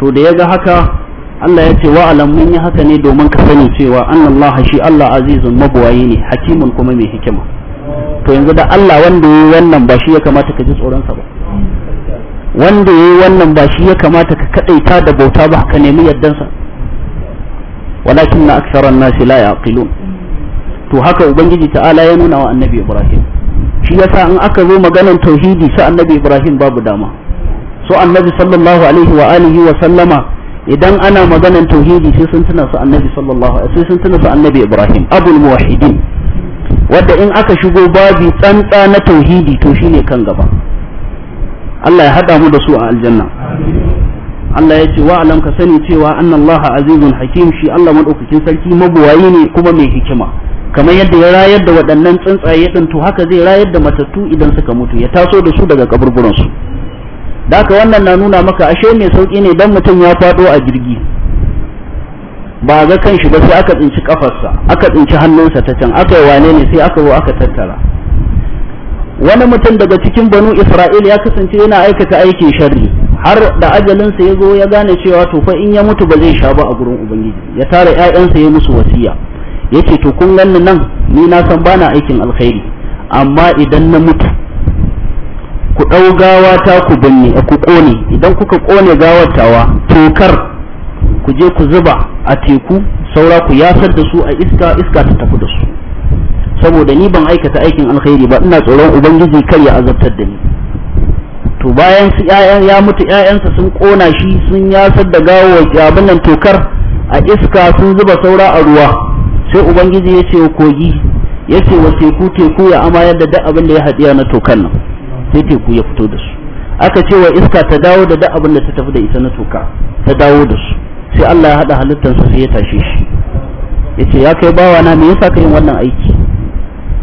to da ya ga haka Allah ya ce wa alam mun yi haka ne domin ka sani cewa annallaha shi Allah azizun mabwayi ne hakimun kuma mai hikima to yanzu da Allah wanda yayi wannan ba shi ya kamata ka ji tsoron sa ba wanda yayi wannan ba shi ya kamata ka kadaita da bauta ba ka nemi yaddan sa walakin na aksaran nasi la yaqilun to haka ubangiji ta'ala ya nuna wa annabi Ibrahim shi yasa in aka zo maganan tauhidi sa annabi ibrahim babu dama so annabi sallallahu alaihi wa alihi wa sallama idan ana maganan tauhidi sai sun tuna su annabi sallallahu alaihi sai sun tuna su annabi ibrahim abul muwahhidin wanda in aka shigo babi tsantsa na tauhidi to shine kan gaba Allah ya hada mu da su a aljanna Allah ya ce wa'alam ka sani cewa annallaha azizun hakim shi Allah madaukakin sarki mabuwayi ne kuma mai hikima kamar yadda ya rayar da waɗannan tsuntsaye ɗin to haka zai rayar da matattu idan suka mutu ya taso da su daga kaburburan su da haka wannan na nuna maka ashe mai sauki ne dan mutum ya fado a jirgi ba ga kan shi ba sai aka tsinci kafarsa aka tsinci hannunsa ta can aka yi wane ne sai aka zo aka tattara wani mutum daga cikin banu isra'il ya kasance yana aikata aikin sharri har da ajalinsa ya zo ya gane cewa to fa in ya mutu ba zai sha ba a gurin ubangiji ya tara ya'yansa ya musu wasiya yace to kun ganni nan ni na san bana aikin alkhairi amma idan na mutu ku ɗau gawa ta ku binne ku ƙone idan kuka ƙone gawatawa tokar ku je ku zuba a teku saura ku yasar da su a iska iska ta tafi da su saboda ni ban aikata aikin alkhairi ba ina tsoron ubangiji kar ya azabtar da ni to bayan su ya mutu 'ya'yansa sun ƙona shi sun yasar da gawo abin nan tokar a iska sun zuba saura a ruwa sai ubangiji ya ce wa kogi ya ce wa teku teku ya amayar da duk abin da ya haɗiya na tokan nan sai teku ya fito da su aka ce wa iska ta dawo da duk abin da ta tafi da ita na toka ta dawo da su sai Allah ya haɗa su sai ya tashe shi ya ce ya kai bawa na me yasa ka yin wannan aiki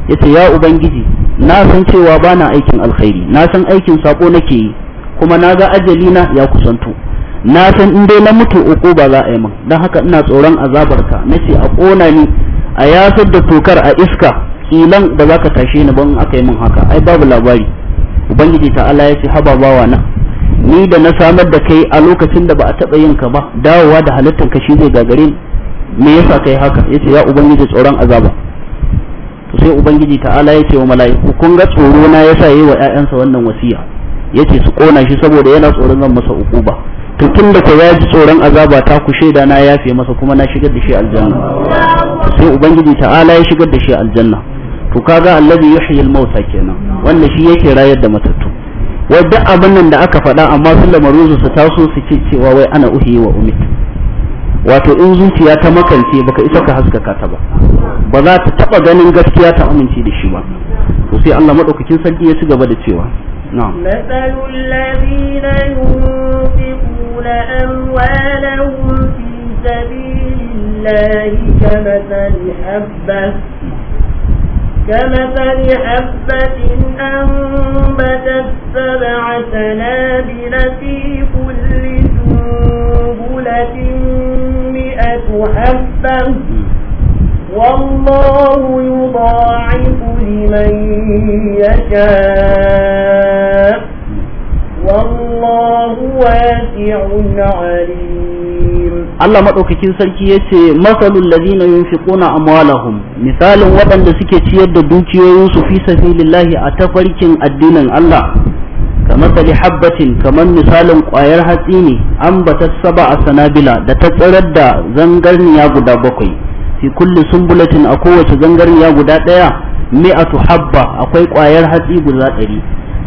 ya ce ya ubangiji na san cewa ba na aikin alkhairi na san aikin sako nake yi kuma na ga ajali na ya kusanto na san in dai na mutu uku ba za a yi min don haka ina tsoron ka na ce a ƙona ni a yasar da tokar a iska kilan da za ka tashe ni ban aka yi min haka ai babu labari ubangiji ta ala ya ce haba bawa na ni da na samar da kai a lokacin da ba a taɓa yin ka ba dawowa da halittar ka shi zai gagare ni me yasa kai haka yace ya ubangiji tsoron azaba to sai ubangiji ta'ala ya ce wa mala'iku kun ga tsoro na yasa yayi wa ƴaƴansa wannan wasiya yace su kona shi saboda yana tsoron zan masa ukuba to tun da ya ji tsoron azaba ta ku shaida na yafe masa kuma na shigar da shi aljanna sai ubangiji ta'ala ya shigar da shi aljanna to kaga allazi yuhyi al-mauta kenan wanda shi yake rayar da matattu wai duk abin nan da aka faɗa amma sun lamarin su taso su ce cewa wai ana uhi wa umit wato in zuciya ta makance baka isa ka haskaka ta ba ba za ta taba ganin gaskiya ta amince da shi ba to sai Allah madaukakin sarki ya ci gaba da cewa na'am ينفقون أموالهم في سبيل الله كمثل حبة كمثل حبة أنبتت سبع سنابل في كل سنبلة مئة حبة والله يضاعف لمن يشاء Allah maɗaukakin sarki ya ce lazina ladina a amwalahum misalin waɗanda suke ciyar da dukiyoyinsu fi lillahi a tafarkin addinin Allah kamar sali habbatin kamar misalin ƙwayar hatsi ne an bata saba a sanabila da ta tsirar da zangarniya guda bakwai fi kulli sumbulatin a kowace zangarniya guda ɗaya mi'atu habba akwai ƙwayar hatsi guda ɗari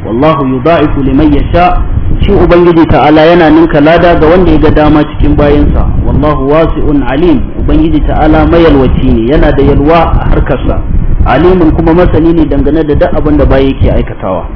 wallahu yudaifu liman yasha shi ubangiji ta'ala yana ninka lada ga wanda ya ga dama cikin bayansa wallahu wasi'un alim ubangiji ta'ala mayalwaci ne yana da yalwa a harkarsa alimin kuma masani ne dangane da duk abin da baya yake aikatawa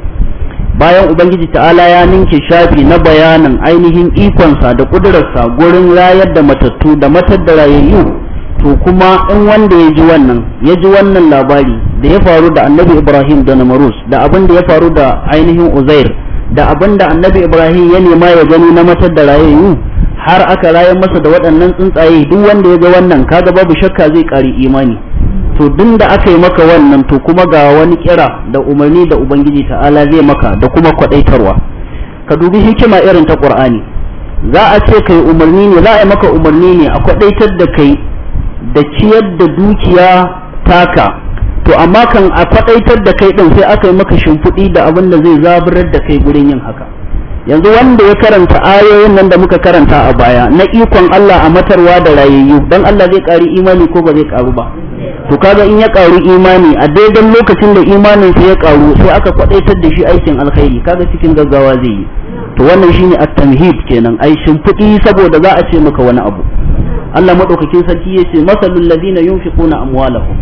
bayan ubangiji ta'ala ya ninke shafi na bayanan ainihin ikonsa da kudurarsa gurin rayar da matattu da matar da rayayyu to kuma in wanda ya ji wannan ya ji wannan labari da ya faru da annabi ibrahim da namarus da abin da ya faru da ainihin uzair da abin da annabi ibrahim ya nema ya gani na matar da rayayyu har aka rayar masa da waɗannan tsuntsaye duk wanda ya ga wannan kaga babu shakka zai ƙari imani to duk da aka yi maka wannan to kuma ga wani kira da umarni da ubangiji ta'ala zai maka da kuma kwadaitarwa ka dubi hikima irin ta ƙur'ani za a ce kai umarni ne za a yi maka umarni ne a kwadaitar da kai da ciyar da dukiya taka to amma kan a faɗaitar da kai ɗin sai aka yi maka shimfiɗi da abin da zai zaburar da kai gurin yin haka yanzu wanda ya karanta ayoyin nan da muka karanta a baya na ikon Allah a matarwa da rayayyu dan Allah zai ƙari imani ko ba zai ƙaru ba to kaga in ya ƙaru imani a daidai lokacin da imanin sa ya ƙaru sai aka kwadaitar da shi aikin alkhairi kaga cikin gaggawa zai yi to wannan shine at-tamhid kenan ai shimfiɗi saboda za a ce maka wani abu Allah madaukakin sarki yace masalul ladina yunfiquna amwalahum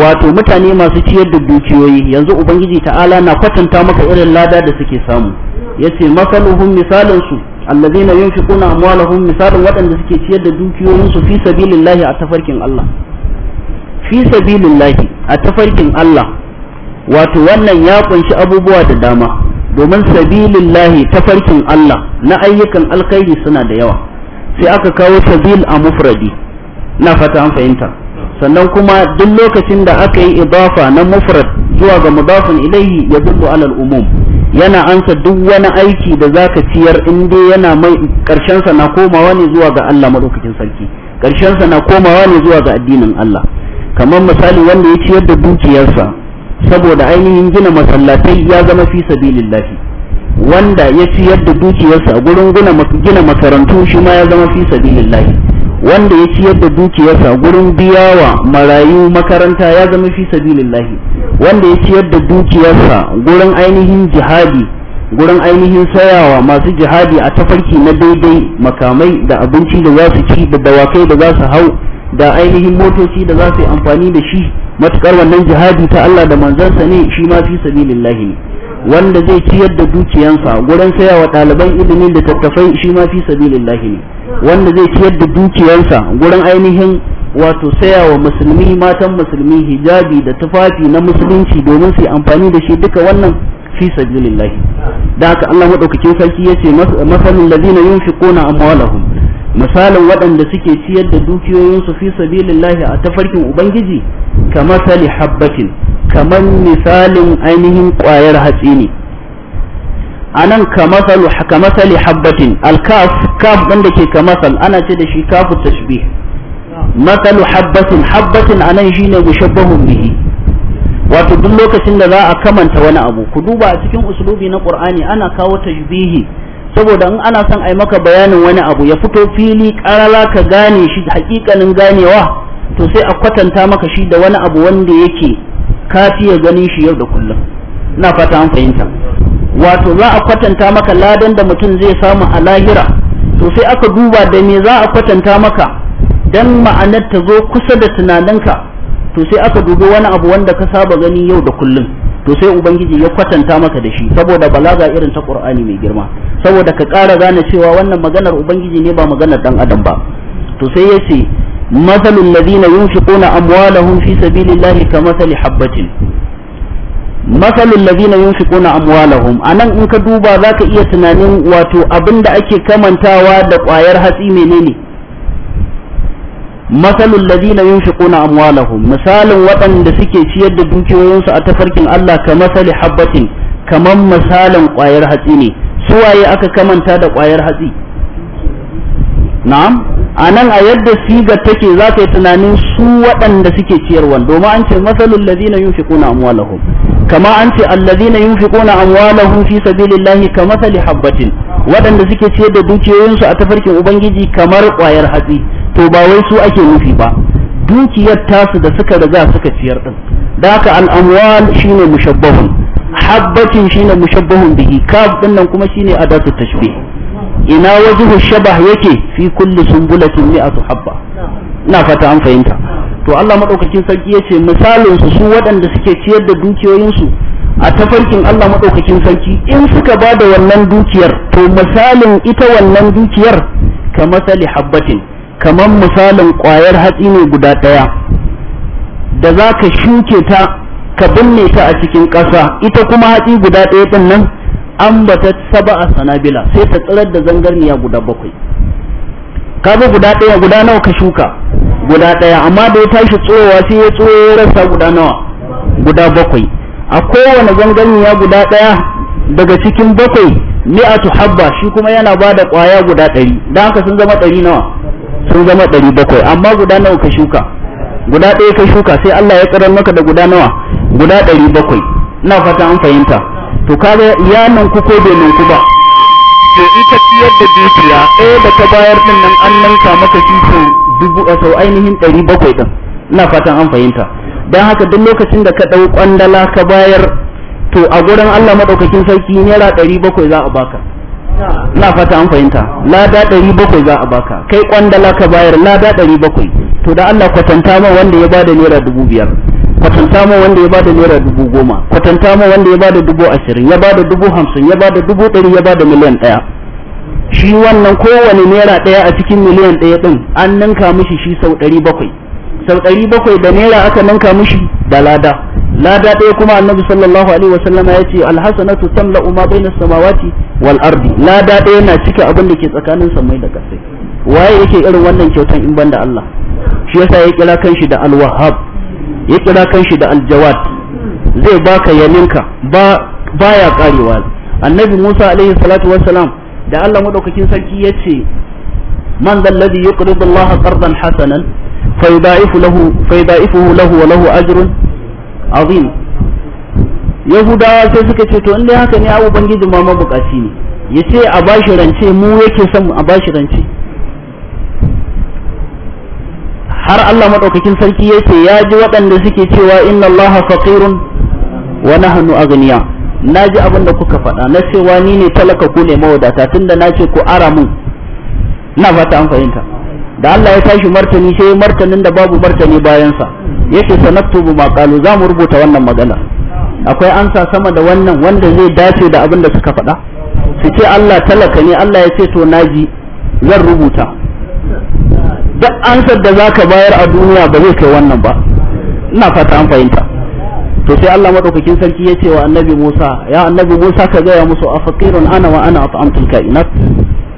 wato mutane masu ciyar da dukiyoyi yanzu ubangiji ta'ala na kwatanta maka irin lada da suke samu yace masaluhum misalun su alladhina yunfiquna amwalahum misalun waɗanda suke ciyar da dukiyoyin su fi sabilillahi a tafarkin Allah fi sabilillahi a tafarkin Allah wato wannan ya kunshi abubuwa da dama domin sabilillahi tafarkin Allah na ayyukan alkhairi suna da yawa sai aka kawo sabil a mufradi na fata an fahimta sannan kuma duk lokacin da aka yi ibafa na mufrad zuwa ga mudafin ilaihi ya dullu alal umum yana ansa duk wani aiki da zaka ciyar in dai yana mai karshen sa na komawa ne zuwa ga Allah madaukakin sarki karshen sa na komawa ne zuwa ga addinin Allah kamar misali wanda ya ciyar da dukiyarsa saboda ainihin gina masallatai ya zama fi sabilillahi wanda ya ciyar da dukiyarsa a gurin gina makarantu shi ma ya zama fi sabilillahi wanda ya ciyar da dukiyarsa a gurin wa marayu makaranta ya zama fi sabilillahi wanda ya ciyar da dukiyarsa gurin ainihin jihadi gurin ainihin sayawa masu jihadi a tafarki na daidai makamai da abinci da za su ci da dawakai da za su hau da ainihin motoci da za su yi amfani da shi matukar wannan jihadi ta Allah da manzansa ne shi ma fi sabilillahi ne wanda zai ciyar da dukiyansa gurin saya wa ɗaliban ilimin da tattafai shi ma fi sabilillahi ne wanda zai ciyar da dukiyansa gurin ainihin wato saya wa musulmi matan musulmi hijabi da tufafi na musulunci domin su amfani da shi duka wannan fi sabilillahi da haka Allah madaukakin sarki yace masalul ladina yunfiquna amwalahum misalin waɗanda suke ciyar da dukiyoyinsu fi sabilillahi a tafarkin ubangiji kamar sali habbatin kamar misalin ainihin ƙwayar hatsi ne a nan kamar sali habbatin alkaf kaf ɗin da ke kamasal ana ce da shi kafu tashbih matsalu habbatin habbatin a nan shine mushabbahun bihi wato duk lokacin da za a kamanta wani abu ku duba a cikin uslubi na qur'ani ana kawo tashbihi saboda in ana son a maka bayanin wani abu ya fito fili karala ka gane shi hakikanin ganewa to sai a kwatanta maka shi da wani abu wanda yake ka fiye gani shi yau da kullum na fata an fahimta wato za a kwatanta maka ladan da mutum zai samu a lahira to sai aka duba da me za a kwatanta maka dan ma'anar ta zo kusa da tunaninka to sai aka dubi wani abu wanda ka saba gani yau da kullum tosai ubangiji ya kwatanta maka da shi saboda balaga irin ta qur'ani mai girma saboda ka kara gane cewa wannan maganar ubangiji ne ba maganar dan adam ba to sai ya ce mathalul ladina yunfiquna amwalahum fi sabilillahi kamathali habatin mathalul ladina yunfiquna amwalahum anan in ka duba zaka iya tunanin wato abinda ake kamantawa da kwayar hatsi menene masalul ladina yunfiquna amwalahum misalin waɗanda suke ciyar da dukiyoyinsu a tafarkin Allah ka masali habbatin kaman misalin ƙwayar hatsi ne su waye aka kamanta da ƙwayar hatsi na'am a nan a yadda siga take za ka yi tunanin su waɗanda suke ciyarwa domin an ce masalul ladina yunfiquna amwalahum kama an ce allazina yunfiquna amwalahum fi sabilillahi kamathali habbatin waɗanda suke ciyar da dukiyoyinsu a tafarkin ubangiji kamar ƙwayar hatsi to ba wai su ake nufi ba dukiyar tasu da suka riga suka ciyar din da haka al'amwal shine mushabbahun habbatin shine mushabbahun bihi kaf din nan kuma shine adatu tashbih ina wajhu shabah yake fi kulli sumbulatin mi'atu habba ina fata an fahimta to Allah madaukakin sarki yace misalin su su waɗanda suke ciyar da dukiyoyin su a tafarkin Allah madaukakin sarki in suka bada wannan dukiyar to misalin ita wannan dukiyar ka masali habbatin kamar misalin ƙwayar hatsi ne guda ɗaya da za ka shuke ta ka binne ta a cikin ƙasa ita kuma hatsi guda ɗaya ɗin nan an ba ta saba a sanabila sai ta tsirar da zangarniya guda bakwai ka bi guda ɗaya guda nawa ka shuka guda ɗaya amma da ya tashi tsowa sai ya tsoro rasa guda nawa guda bakwai a kowane zangarniya guda ɗaya daga cikin bakwai a Tuhabba shi kuma yana ba da ƙwaya guda ɗari don haka sun zama ɗari nawa sun zama ɗari bakwai amma guda nawa ka shuka guda ɗaya ka shuka sai Allah ya tsirar maka da guda nawa guda ɗari bakwai ina fata an fahimta to kaga ya nanku ko bai nanku ba da ita ciyar da dukiya ɗaya eh, da ta bayar din nan an nanka maka shi sau dubu a eh, sau ainihin ɗari bakwai ɗin ina fatan an fahimta don haka duk lokacin da ka ɗau ƙwandala ka bayar to a gurin Allah maɗaukakin sarki naira ɗari bakwai za a baka na fata an fahimta lada ɗari bakwai za a baka kai kwandala ka bayar lada ɗari bakwai to da Allah kwatanta ma wanda ya bada naira dubu biyar kwatanta ma wanda ya bada naira dubu goma kwatanta ma wanda ya bada dubu ashirin ya bada dubu hamsin ya bada dubu ɗari ya bada miliyan ɗaya shi wannan kowane naira ɗaya a cikin miliyan ɗaya ɗin an ninka mishi shi sau ɗari bakwai sau ɗari bakwai da naira aka ninka mishi da lada lada ɗaya kuma annabi sallallahu alaihi wa sallama ya ce alhasanatu tamla'u ma bainas samawati wal ardi lada ɗaya na cika abin da ke tsakanin samai da ƙasai waye yake irin wannan kyautan in banda Allah shi yasa ya kira kanshi da alwahab ya kira kanshi da aljawad zai baka yaminka ba baya karewa annabi Musa alaihi salatu wassalam da Allah madaukakin sarki ya ce man zal ladhi yuqridu Allah qardan hasanan fayudaifu lahu fayudaifuhu lahu wa lahu ajrun azim yahudawa sai suka ce to inda haka ne abu bangijin ma mabukaci ne ya ce a bashi rance mu yake son a bashi rance har Allah maɗaukakin sarki ya ce ya ji waɗanda suke cewa inna Allah faqirun wa nahnu agniya na ji abin da kuka faɗa na cewa ni ne talaka ku ne mawadata tunda na ce ku ara mun na fata an fahimta da Allah ya tashi martani sai martanin da babu martani bayansa yace sanaktubu ma qalu za mu rubuta wannan magana akwai ansa sama da wannan wanda zai dace da abin da suka faɗa su ce Allah talaka ne Allah ya ce to naji zan rubuta duk ansar da zaka bayar a duniya ba zai kai wannan ba ina fata an fahimta to sai Allah madaukakin sarki ya ce wa annabi Musa ya annabi Musa ka gaya musu a faqirun ana wa ana at'amtul kainat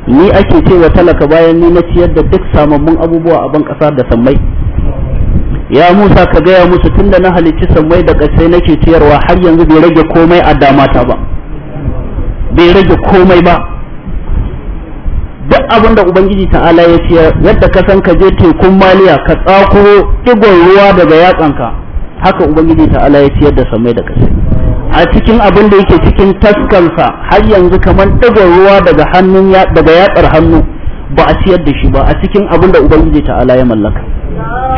ni ake cewa talaka bayan ni na ciyar da duk samammun abubuwa a ban kasa da sammai ya Musa ka gaya musu da na halicci sammai da ƙasai nake ciyarwa har yanzu bai rage komai a damata ba bai rage komai ba duk abin da ubangiji ta'ala ya ciyar yadda ka san ka je tekun maliya ka tsako digon ruwa daga yatsanka haka ubangiji ta'ala ya ciyar da sammai da ƙasai a cikin abin da yake cikin taskansa har yanzu kamar ɗigon ruwa daga hannun daga yatsar hannu ba a ciyar da shi ba a cikin abin da ubangiji ta'ala ya mallaka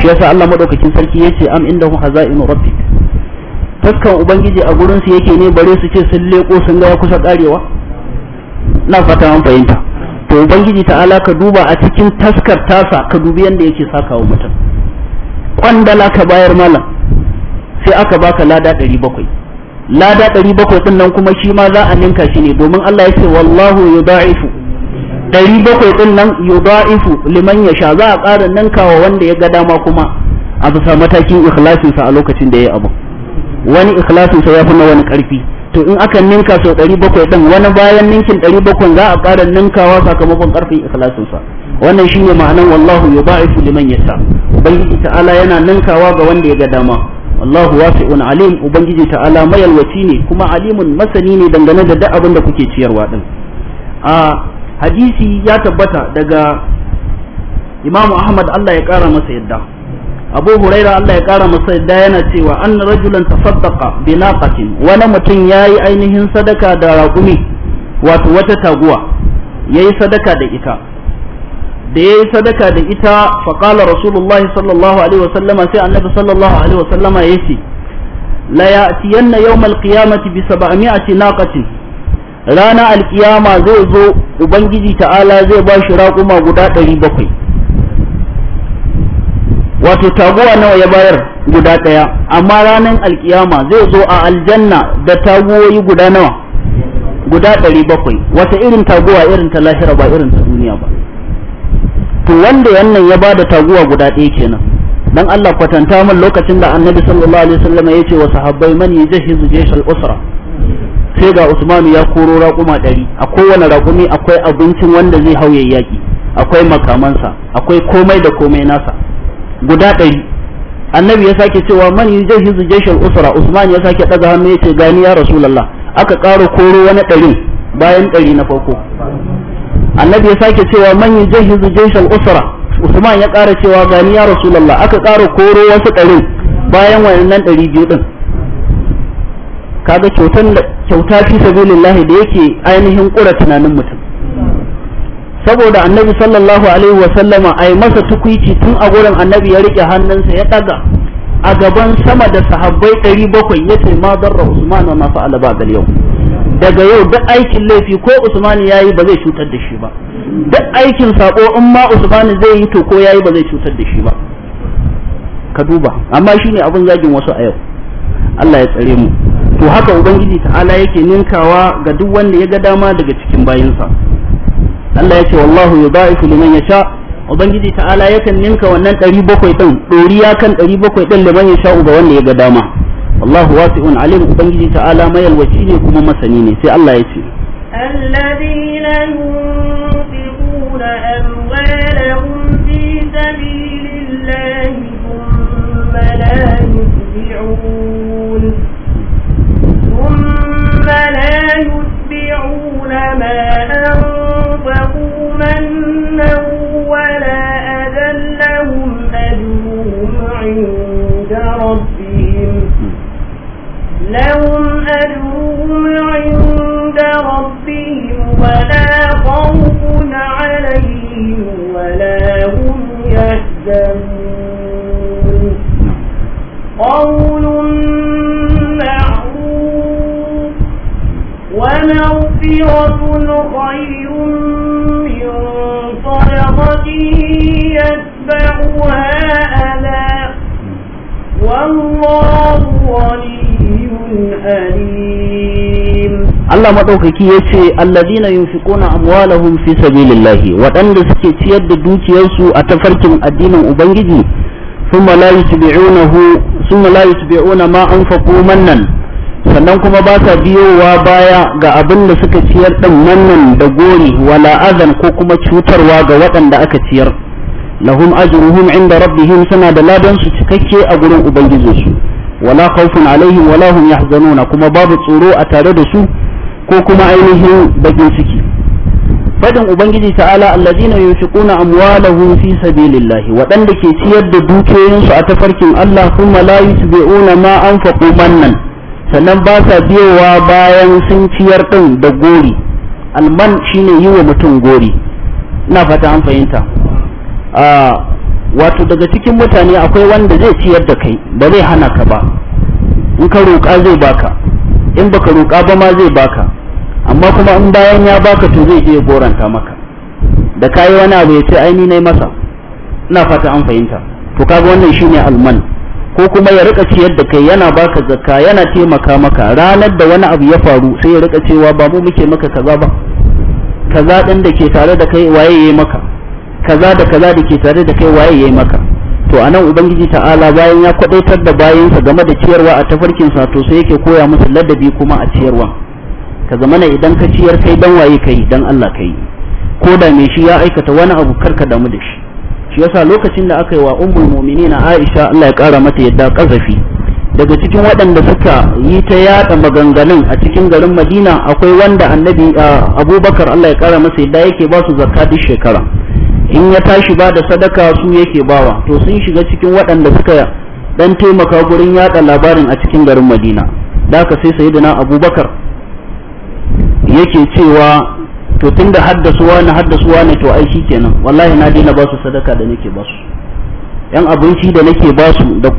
shi yasa Allah madaukakin sarki yace am indahu hazainu rabbik taskan ubangiji a gurin su yake ne bare su ce sun leko sun ga ya kusa karewa na fata an fahimta to ubangiji ta'ala ka duba a cikin taskar tasa ka dubi yanda yake saka wa mutum kwandala ka bayar malam sai aka baka lada 700 lada 700 din nan kuma shi ma za a ninka shi ne domin Allah ya ce wallahu yudaifu Dari bakwai ɗin nan yudaifu liman ya sha za a ƙara ninkawa wanda ya ga dama kuma a bisa matakin ikhlasinsa a lokacin da ya yi abu wani ikhlasinsa ya fi na wani karfi to in aka ninka sau ɗari bakwai ɗin wani bayan ninkin ɗari bakwai za a ƙara ninkawa sakamakon ƙarfin ikhlasinsa wannan shine ma'anan wallahu yudaifu liman yasha ubangiji ta'ala yana ninkawa ga wanda ya ga dama wallahu wasi'un alim ubangiji ta'ala mayalwaci ne kuma alimun masani ne dangane da duk abin da kuke ciyarwa din a hadisi ya tabbata daga imamu ahmad Allah ya kara masa yadda abu huraira Allah ya kara masa yadda yana cewa an rajulan tasaddaqa bi naqatin wani mutum yayi ainihin sadaka da raƙumi wato wata taguwa yayi sadaka da ita da yayi sadaka da ita fa qala rasulullahi sallallahu alaihi wasallama sai annabi sallallahu alaihi wasallama yace la ya'tiyanna yawmal qiyamati bi 700 naqatin rana alkiyama zai zo ubangiji ta'ala zai ba shi raƙuma guda ɗari bakwai wato taguwa nawa ya bayar guda ɗaya amma ranar alkiyama zai zo a aljanna da taguwoyi guda nawa guda ɗari bakwai wata irin taguwa irin ta lahira ba irin ta duniya ba to wanda yannan ya bada taguwa guda ɗaya kenan dan Allah kwatanta min lokacin da annabi sallallahu alaihi wasallam ya ce wa sahabbai man yajhizu jaysh al-usra sai ga Usmanu ya koro raƙuma ɗari a kowane raƙumi akwai abincin wanda zai hauye yaƙi akwai makamansa akwai komai da komai nasa guda ɗari annabi ya sake cewa man yujahizu jaishal usra Usman ya sake ɗaga hannu ya ce gani ya rasulullah aka ƙara koro wani ɗari bayan ɗari na farko annabi ya sake cewa man yujahizu jaishal usra Usman ya ƙara cewa gani ya rasulullah aka ƙara koro wasu ɗari bayan wannan ɗari biyu ɗin kaga kyautan da kyauta fi sabilillahi da yake ainihin kura tunanin mutum saboda annabi sallallahu alaihi wa sallama ai masa tukwici tun a gurin annabi ya rike hannunsa ya ɗaga a gaban sama da sahabbai 700 yace ma darra usman wa ma alaba ba'da yau daga yau duk aikin laifi ko usman ya yi ba zai cutar da shi ba duk aikin sako in ma usman zai yi to ko ya yi ba zai cutar da shi ba ka duba amma shine abin zagin wasu a yau Allah ya tsare mu to haka ubangiji ta'ala yake ninkawa ga duk wanda ya ga dama daga cikin bayinsa Allah ya ce wallahu yudaifu liman yasha ubangiji ta'ala yakan ninka wannan 700 din doriya kan 700 din liman yasha ga wanda ya ga dama wallahu wasi'un alim ubangiji ta'ala mai alwaci ne kuma masani ne sai Allah ya ce alladhina ما صدقة خير من صدقة يتبعها أذى والله غني أليم Allah maɗaukaki ya ce, Allazina yunfiquna amwalahum fi sabilillahi waɗanda suke ciyar da dukiyarsu a tafarkin addinin Ubangiji, sun la yutbi'unahu, sun la yutbi'una ma anfaqu mannan sannan kuma ba sa biyowa baya ga abin da suka ciyar ɗin wannan da gori wala azan ko kuma cutarwa ga waɗanda aka ciyar lahum ajruhum inda rabbihim suna da ladan su cikakke a gurin ubangijinsu wala khawfun alaihim wala hum yahzanuna kuma babu tsoro a tare da su ko kuma ainihin bakin ciki fadin ubangiji ta'ala allazina yunfiquna amwalahum fi sabilillahi waɗanda ke ciyar da dukiyoyinsu a tafarkin Allah kuma la una ma anfaqu mannan sannan ba sa biyowa bayan sun ciyar ɗin da gori alman shine yi wa mutum gori ina fata an fahimta wato daga cikin mutane akwai wanda zai ciyar da kai ba zai hana ka ba in ka roƙa zai baka in baka roƙa ba ma zai baka amma kuma in bayan ya baka to zai iya goranta maka da kayi wani abu ya ce aini na masa ina fata an fahimta to kaga wannan shine alman ko kuma ya rika ciyar da kai yana baka zakka yana taimaka maka ranar da wani abu ya faru sai ya rika cewa ba mu muke maka kaza ba kaza din da ke tare da kai waye yayi maka kaza da kaza da ke tare da kai waye yayi maka to anan ubangiji ta'ala bayan ya kwadaitar da bayansa game da ciyarwa a tafarkin sa to sai yake koya musu ladabi kuma a ciyarwa ka zama ne idan ka ciyar kai dan waye kai dan Allah kai ko da me shi ya aikata wani abu karka damu da shi shi yasa lokacin da aka yi wa ummul mu'minina Aisha Allah ya kara mata yadda kazafi daga cikin waɗanda suka yi ta yada maganganun a cikin garin Madina akwai wanda annabi Abubakar Allah ya kara masa yadda yake ba su zakka duk shekara in ya tashi ba da sadaka su yake bawa to sun shiga cikin waɗanda suka dan taimaka gurin yada labarin a cikin garin Madina da haka sai sayyidina Abubakar yake cewa to tunda haddasu wani haddasu wani to ai shikenan wallahi na dina ba su sadaka da nake ba su yan abinci da nake ba su da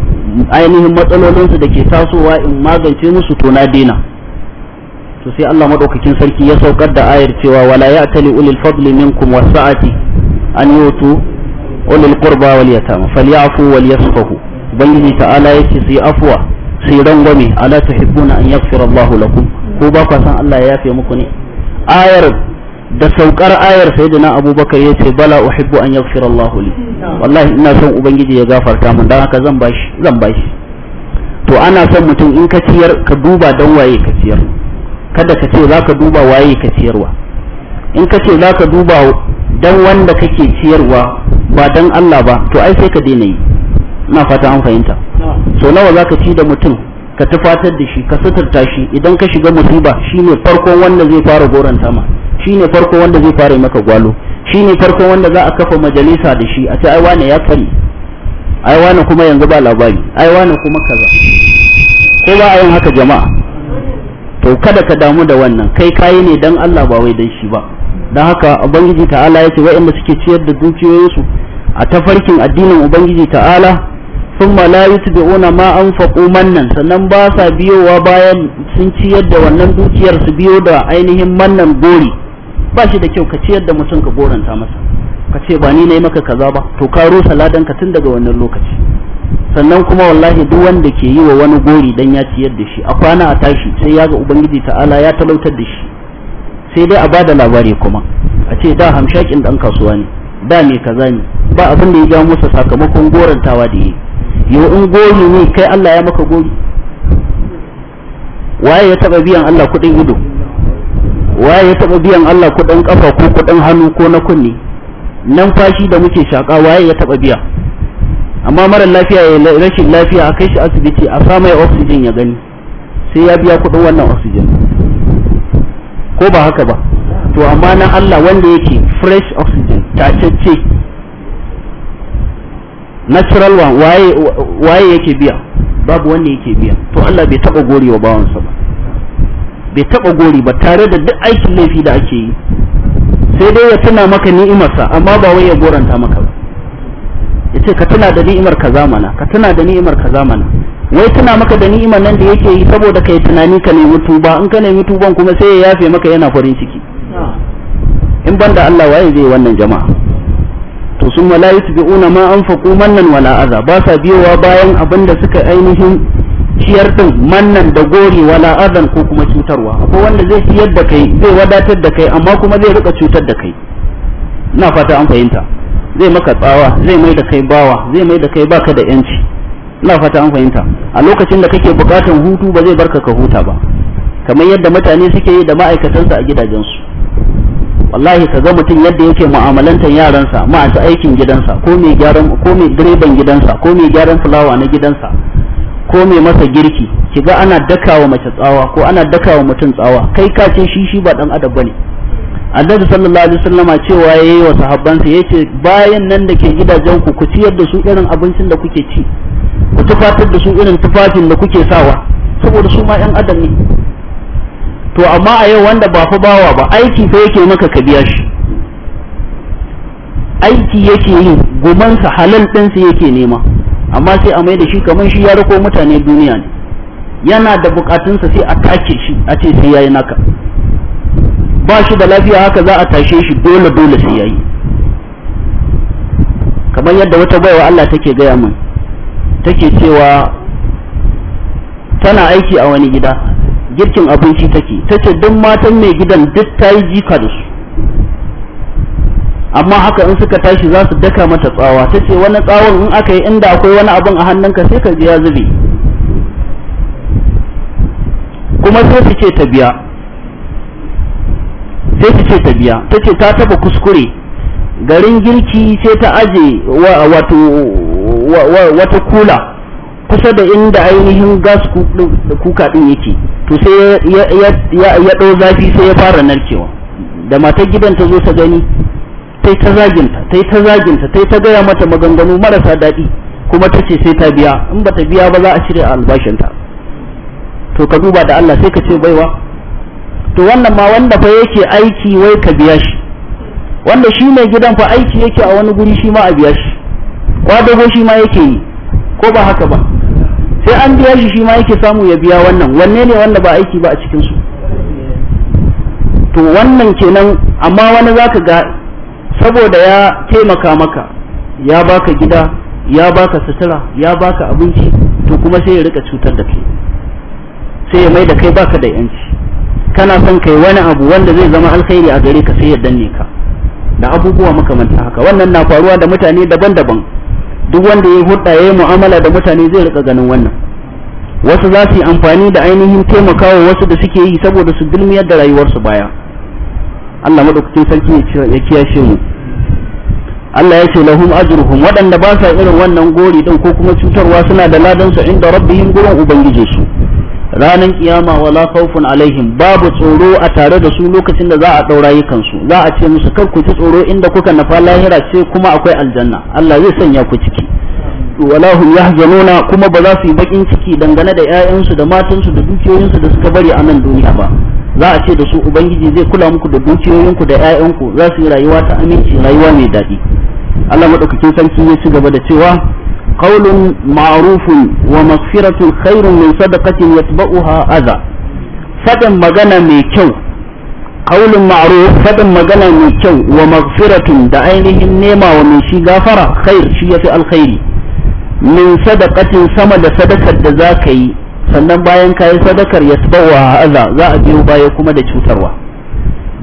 ainihin matsalolinsu da ke tasowa in magance musu to na dina to sai Allah madaukakin sarki ya saukar da ayar cewa wala ya'tali ulil fadli minkum wasa'ati an yutu ulil qurba wal yatama falyafu wal yasfahu ubangiji ta'ala yace su yi afwa su yi rangwame ala tuhibbuna an yaghfira Allahu lakum ko ba ku san Allah ya yafe muku ne ayar da saukar ayar sayyidina abubakar ya ce bala uhibbu an yaghfira Allahu li wallahi ina son ubangiji ya gafarta min dan haka zan bashi zan bashi to ana son mutum in ka ciyar ka duba dan waye ka ciyar kada ka ce zaka duba waye ka ciyarwa in ka ce zaka duba dan wanda kake ciyarwa ba dan Allah ba to ai sai ka daina yi ina fata an fahimta so nawa zaka ci da mutum ka tufatar da shi ka suturta shi idan ka shiga musiba shine farkon wanda zai fara goranta ma Shi ne farko wanda zai fara maka gwalo ne farko wanda za a kafa majalisa da shi a ce ai wane ya kari ai wane kuma yanzu ba labari ai wane kuma kaza ko ba a yin haka jama'a to kada ka damu da wannan kai kayi ne dan Allah ba wai dan shi ba dan haka ubangiji ta'ala yace wa'anda suke ciyar da dukiyoyinsu a tafarkin addinin ubangiji ta'ala thumma la yutbi'una ma anfaqu mannan sannan ba sa biyowa bayan sun ciyar da wannan dukiyar su biyo da ainihin mannan gori ba shi da kyau ka ciyar da mutum ka goranta masa ka ce ba ni na yi maka kaza ba to ka rusa ladan ka tun daga wannan lokaci sannan kuma wallahi duk wanda ke yi wa wani gori dan ya ciyar da shi a kwana a tashi sai ya ga ubangiji ta'ala ya talautar da shi sai dai a bada labari kuma a ce da hamshakin dan kasuwa ne da me kaza ne ba abin da ya ja musu sakamakon gorantawa da yi yau in gori ne kai Allah ya maka gori waye ya taba biyan Allah kuɗin ido waye ya taɓa biyan Allah kuɗin ƙafa ko kuɗin hannu ko na kunne nan fashi da muke shaƙa waye ya taɓa biya amma mara lafiya ya rashin lafiya a kai shi asibiti a sa mai oxygen ya gani sai ya biya kuɗin wannan oxygen ko ba haka ba to amma na Allah wanda yake fresh oxygen tacece natural one waye yake biya babu wanda yake biya to Allah bai taɓa gorewa bawansa ba bai taba gori ba tare da duk aikin laifi da ake yi sai dai ya tuna maka ni'imarsa amma ba wai ya goranta maka ba yace ka tuna da ni'imar ka zamana ka tuna da ni'imar ka zamana wai tuna maka da ni'imar nan da yake yi saboda kai tunani ka nemi tuba in ka nemi tuban kuma sai ya yafe maka yana farin ciki in ban da Allah waye zai wannan jama'a to sun la yusbi'una ma anfaqu mannan wala aza ba sa biyowa bayan abin da suka ainihin ciyar din mannan da gori wala adan ko kuma cutarwa akwai wanda zai ciyar da kai zai wadatar da kai amma kuma zai rika cutar da kai ina fata an fahimta zai maka tsawa zai mai da kai bawa zai mai da kai baka da yanci ina fata an fahimta a lokacin da kake bukatan hutu ba zai barka ka huta ba kamar yadda mutane suke yi da ma'aikatansa a gidajensu wallahi ka ga mutum yadda yake mu'amalantar yaransa ma'aikatan aikin gidansa ko mai gyaran ko mai direban gidansa ko mai gyaran fulawa na gidansa ko mai masa girki kiga ana dakawa mace tsawa ko ana dakawa mutum tsawa kai ka ce shi shi ba dan adab bane annabi sallallahu alaihi wasallama cewa yayi wa sahabbansa yace bayan nan da ke gidajen ku ku ciyar da su irin abincin da kuke ci ku tufatar da su irin tufafin da kuke sawa saboda su ma yan adam ne to amma a yau wanda ba fa bawa ba aiki sai yake maka ka biya shi aiki yake yi gumansa halal ɗinsa yake nema amma sai a mai da shi kamar shi ya rako mutane duniya ne yana da bukatunsa sai a take shi a ce sai yayi naka ba shi da lafiya haka za a tashe shi dole dole sai yayi kamar yadda wata baiwa Allah take gaya min take cewa tana aiki a wani gida girkin abinci take tace duk matan mai gidan duk ta yi jika da su amma haka in suka tashi za su daka mata tsawa ta ce wani tsawon in aka yi inda akwai wani abin a hannunka sai ka biya zube kuma sai su ce ta biya sai ce ta biya ta ce ta taba kuskure garin girki sai ta aje wata kula kusa da inda ainihin gas kuka din yake to sai ya ɗau zafi sai ya fara narkewa da matar gidan ta zo ta gani Tai ta zaginta ta yi ta zaginta ta yi ta gaya mata maganganu marasa daɗi kuma ta ce sai ta biya in ba ta biya ba za a cire albashinta to ka duba da Allah sai ka ce baiwa to wannan ma wanda fa yake aiki wai ka biya shi wanda shi mai gidan fa aiki yake a wani guri shi ma a biya shi kwadago shi ma yake yi ko ba haka ba sai an biya shi shi ma yake samu ya biya wannan wanne ne wanda ba aiki ba a cikinsu to wannan kenan amma wani zaka ga saboda ya taimaka maka ya baka gida ya baka sutura ya baka abinci to kuma sai ya rika cutar da kai sai ya mai da kai baka da yanci kana son kai wani abu wanda zai zama alkhairi a gare ka sai ya danne ka da abubuwa makamanta haka wannan na faruwa da mutane daban-daban duk wanda ya hudda ya yi mu'amala da mutane zai rika ganin wannan wasu za su yi amfani da ainihin taimakawa wasu da suke yi saboda su dilmiyar da rayuwarsu baya Allah madaukakin sarki ya kiyashe mu Allah ya ce lahum ajruhum waɗanda ba sa irin wannan gori din ko kuma cutarwa suna da ladan su inda rabbihim gurin ubangije su ranan kiyama wala khawfun alaihim babu tsoro a tare da su lokacin da za a ɗaura kansu za a ce musu kar ku ji tsoro inda kuka nafa lahira ce kuma akwai aljanna Allah zai sanya ku ciki wala hum yahzanuna kuma ba za su yi bakin ciki dangane da 'ya'yansu da matansu da dukiyoyinsu da suka bari a nan duniya ba za a ce da su ubangiji zai kula muku da dukiyoyinku da 'ya'yanku za su yi rayuwa ta aminci rayuwa mai daɗi Allah madaukakin sarki ya ci gaba da cewa qaulun ma'rufun wa maghfiratun khairun min sadaqatin yatba'uha adha fadan magana mai kyau qaulun ma'ruf fadan magana mai kyau wa maghfiratun da ainihin nema wa mai shi gafara khair shi yafi alkhairi min sadaqatin sama da sadakar da za ka yi sannan bayan kayi sadakar ya tabawa aza za a biyo baya kuma da cutarwa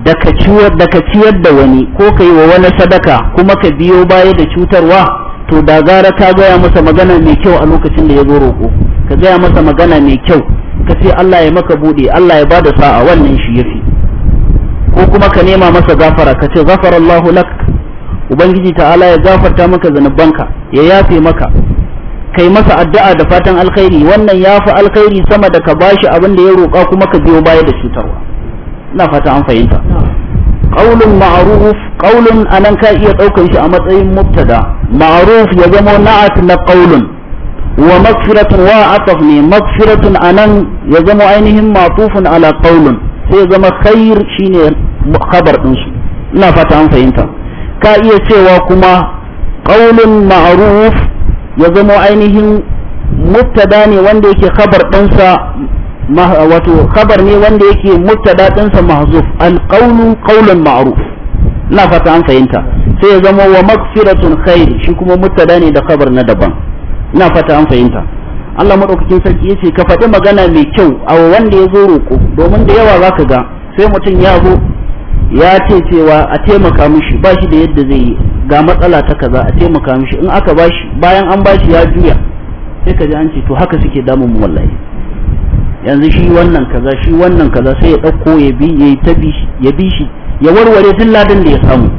daka ciwar daka ciyar da wani ko kai wa wani sadaka kuma ka biyo baya da cutarwa to da gara ka gaya masa magana mai kyau a lokacin da ya zo roƙo ka gaya masa magana mai kyau ka ce Allah ya maka bude Allah ya bada sa'a wannan shi yafi ko kuma ka nema masa gafara ka ce gafarallahu lak ubangiji ta'ala ya gafarta maka zanubanka ya yafe maka kai masa addu'a da fatan alkhairi wannan ya fi alkhairi sama da ka bashi abin da ya roƙa kuma ka biyo baya da cutarwa ina fata an fahimta qaulun ma'ruf qaulun anan ka iya ɗaukar shi a matsayin mubtada ma'ruf ya zama na'at na qaulun wa magfiratun wa ataf ne magfiratun anan ya zama ainihin matufun ala qaulun sai zama khair shine khabar din shi ina fata an fahimta ka iya cewa kuma qaulun ma'ruf ya zama ainihin mubtada ne wanda yake khabar ɗinsa wato khabar ne wanda yake mubtada ɗinsa mahzuf alqawlu qawlan ma'ruf ina fata an fahimta sai ya zama wa magfiratun khair shi kuma mubtada ne da khabar na daban ina fata an fahimta Allah madaukakin sarki ce ka faɗi magana mai kyau a wanda ya zo roƙo domin da yawa za ka ga sai mutum ya zo ya ce cewa a taimaka mishi ba shi da yadda zai yi ga matsala ta kaza a taimaka mishi in aka bashi bayan an bashi ya juya sai ka ji an ce to haka suke damun mu wallahi yanzu shi wannan kaza shi wannan kaza sai ya ɗauko ya bi ya ta ya bi shi ya warware duk ladan da ya samu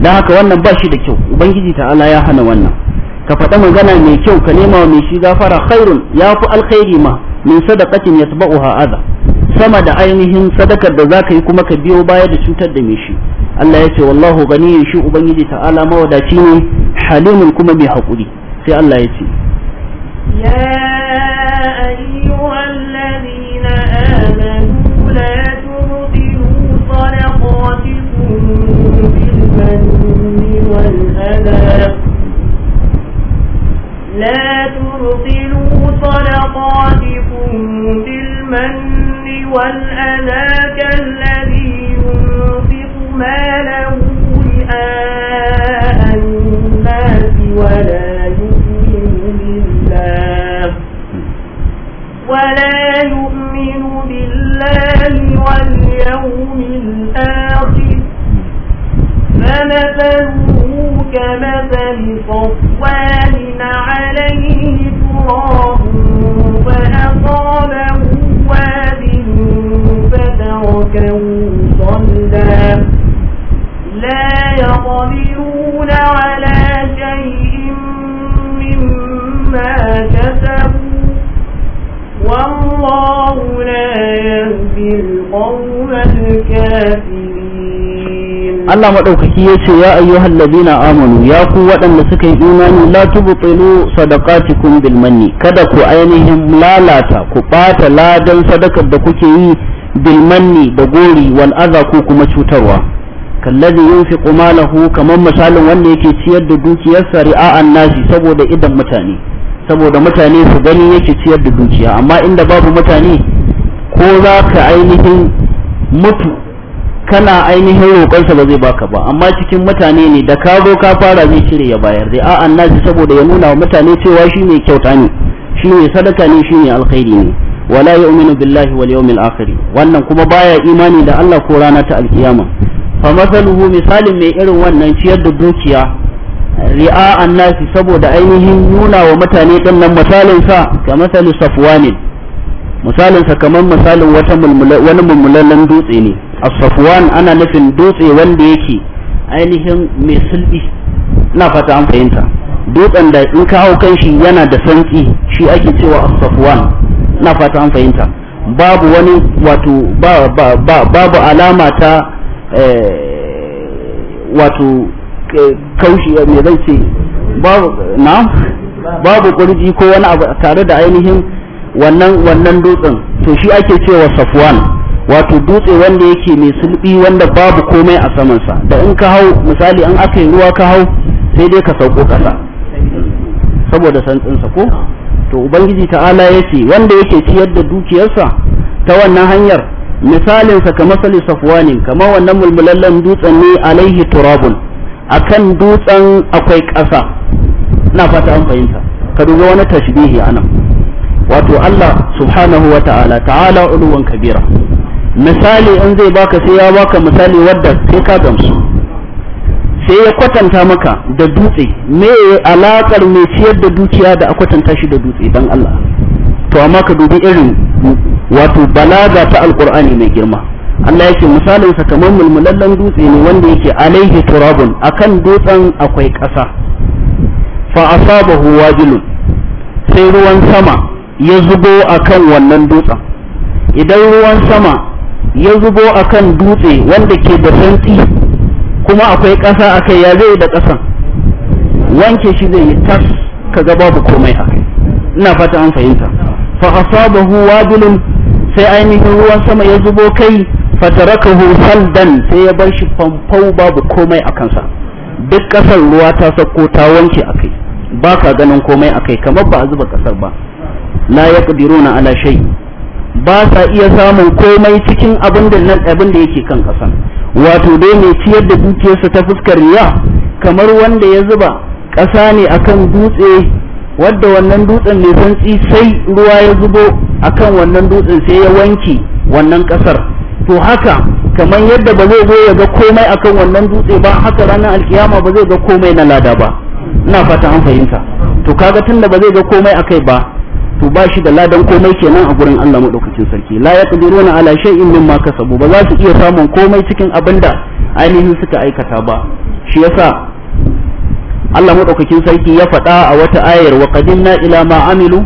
dan haka wannan ba shi da kyau ubangiji ta'ala ya hana wannan ka faɗa magana mai kyau ka nema wa mai shi gafara khairun ya fi alkhairi ma min sadaqatin yatba'uha adha sama da ainihin sadakar da zaka yi kuma ka biyo baya da cutar da mai shi Allah ya ce wallahu gani shi ubangiji ta'ala mawadaci ne halimun kuma mai haƙuri sai Allah ya ce ya ayyuhallazina لا تبطلوا صدقاتكم بالمن والأذاك الذي ينفق ماله رئاء الناس ولا يؤمن بالله ولا يؤمن بالله واليوم الآخر فمثله كمثل صفوان عليه تراب ملكا ضلا لا يقدرون على شيء مما كسبوا والله لا يهدي القوم الكافرين الله مدوكي yace ya ayyuhal ladina amanu ya ku waɗanda suka yi imani la tubtilu sadaqatikum bil manni kada ku ainihin lalata ku ɓata ladan sadakar da kuke yi bilmanni da gori wal adha ko kuma cutarwa kallazi yunfiqu malahu kamar misalin wanda yake ciyar da dukiyarsa ri'a'an nasi saboda idan mutane saboda mutane su gani yake ciyar da dukiya amma inda babu mutane ko za ka ainihin mutu kana ainihin roƙonsa ba zai baka ba amma cikin mutane ne da ka zo ka fara zai cire ya bayar ri'a'an nasi saboda ya nuna wa mutane cewa shi mai kyauta ne shi ne sadaka ne shi mai alkhairi ne wala yu'minu billahi wal yawmil akhir wannan kuma baya imani da Allah ko rana ta alkiyama fa masaluhu misalin mai irin wannan ciyar da dukiya ri'a annasi saboda ainihin nuna wa mutane din misalin sa ka masalin safwanin misalin sa kamar misalin wata wani mulmulallen dutse ne as-safwan ana nufin dutse wanda yake ainihin mai sulbi ina fata an fahimta dutsen da in ka hau kan shi yana da santsi shi ake cewa as-safwan na fata an fahimta babu wani wato ba, ba, babu alama ta eh, wato eh, kaushi eh, mai zai ce babu na babu kurji ko wani abu tare da ainihin wannan wannan dutsen to shi ake cewa safwan wato dutse wanda yake mai sulbi wanda babu komai a samansa da in ka hau misali an aka yi ruwa ka hau sai dai ka sauko kasa saboda santsinsa ko to ubangiji ta'ala yace wanda yake ciyar da dukiyarsa ta wannan hanyar misalin sa kamar sali safwanin kamar wannan mulmulallen dutsen ne alaihi turabun akan dutsen akwai ƙasa na fata an fahimta ka duba wani tashbihi anan wato Allah subhanahu wa ta'ala ta'ala uluwan kabira misali in zai baka sai ya baka misali wadda sai ka gamsu sai ya kwatanta maka da dutse me alakar mai ciyar da dukiya da a kwatanta shi da dutse don Allah to amma ka dubi irin wato balaga ta alkur'ani mai girma Allah yake misalin sa kamar mulmulallen dutse ne wanda yake alaihi turabun akan dutsen akwai ƙasa fa asabahu wajilun sai ruwan sama ya zubo akan wannan dutsen idan ruwan sama ya zubo akan dutse wanda ke da santsi kuma akwai ƙasa a kai ya zai da ƙasan wanke shi zai yi tas ka ga babu komai a ina fata an fahimta fa asabahu wabilun sai ainihin ruwan sama ya zubo kai fatarakahu saldan sai ya bar shi famfau babu komai a kansa duk ƙasar ruwa ta sauko ta wanke a kai ba ka ganin komai a kai kamar ba a zuba ƙasar ba la yaqdiruna ala shai. ba sa iya samun komai cikin abin da nan abin da yake kan kasan wato dai mai ciyar da dukiyarsa ta fuskar riya kamar wanda ya zuba kasa ne akan dutse wadda wannan dutsen ne santsi sai ruwa ya zubo akan wannan dutsen sai ya wanke wannan kasar to haka kamar yadda ba zai zo ya ga komai akan wannan dutse ba haka ranar alkiyama ba zai ga komai na lada ba ina fata an fahimta to kaga tunda ba zai ga komai akai ba to ba shi da ladan komai kenan a gurin Allah madaukakin sarki la ya na ala shay'in mimma kasabu ba za su iya samun komai cikin abinda ainihin suka aikata ba shi yasa Allah madaukakin sarki ya faɗa a wata ayar wa qadinna ila ma amilu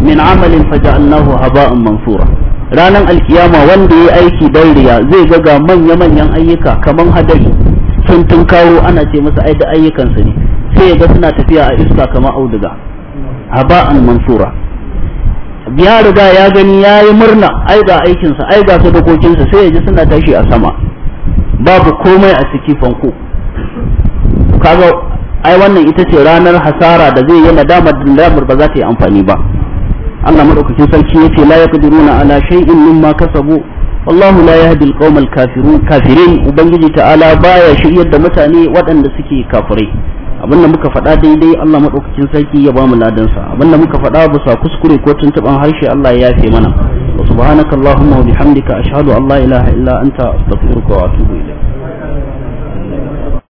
min amalin faja'alnahu haba'an mansura ranan alkiyama wanda yayi aiki dan riya zai ga ga manya-manyan ayyuka kaman hadari sun kawo ana ce masa ai da ayyukansu ne sai ya ga suna tafiya a iska kamar auduga haba'an mansura ya riga ya gani ya yi murna ai ga aikinsa ai ga sa sai ya ji suna tashi a sama babu komai a ciki fanko kaga ai wannan ita ce ranar hasara da zai yi damar da nadamar ba za ta yi amfani ba Allah madaukakin sarki yace la yaqdiruna ala shay'in mimma kasabu wallahu la yahdi al alkafirun kafirin ubangiji ta'ala baya shiryar da mutane waɗanda suke kafirai abin da muka faɗa daidai Allah maɗaukacin sarki ya bamu ladansa abin da muka faɗa sa kuskure ko tuntuɓan harshe Allah ya yafe mana wa subhanakallahumma wa bihamdika ashhadu an la ilaha illa anta astaghfiruka wa atubu ilayk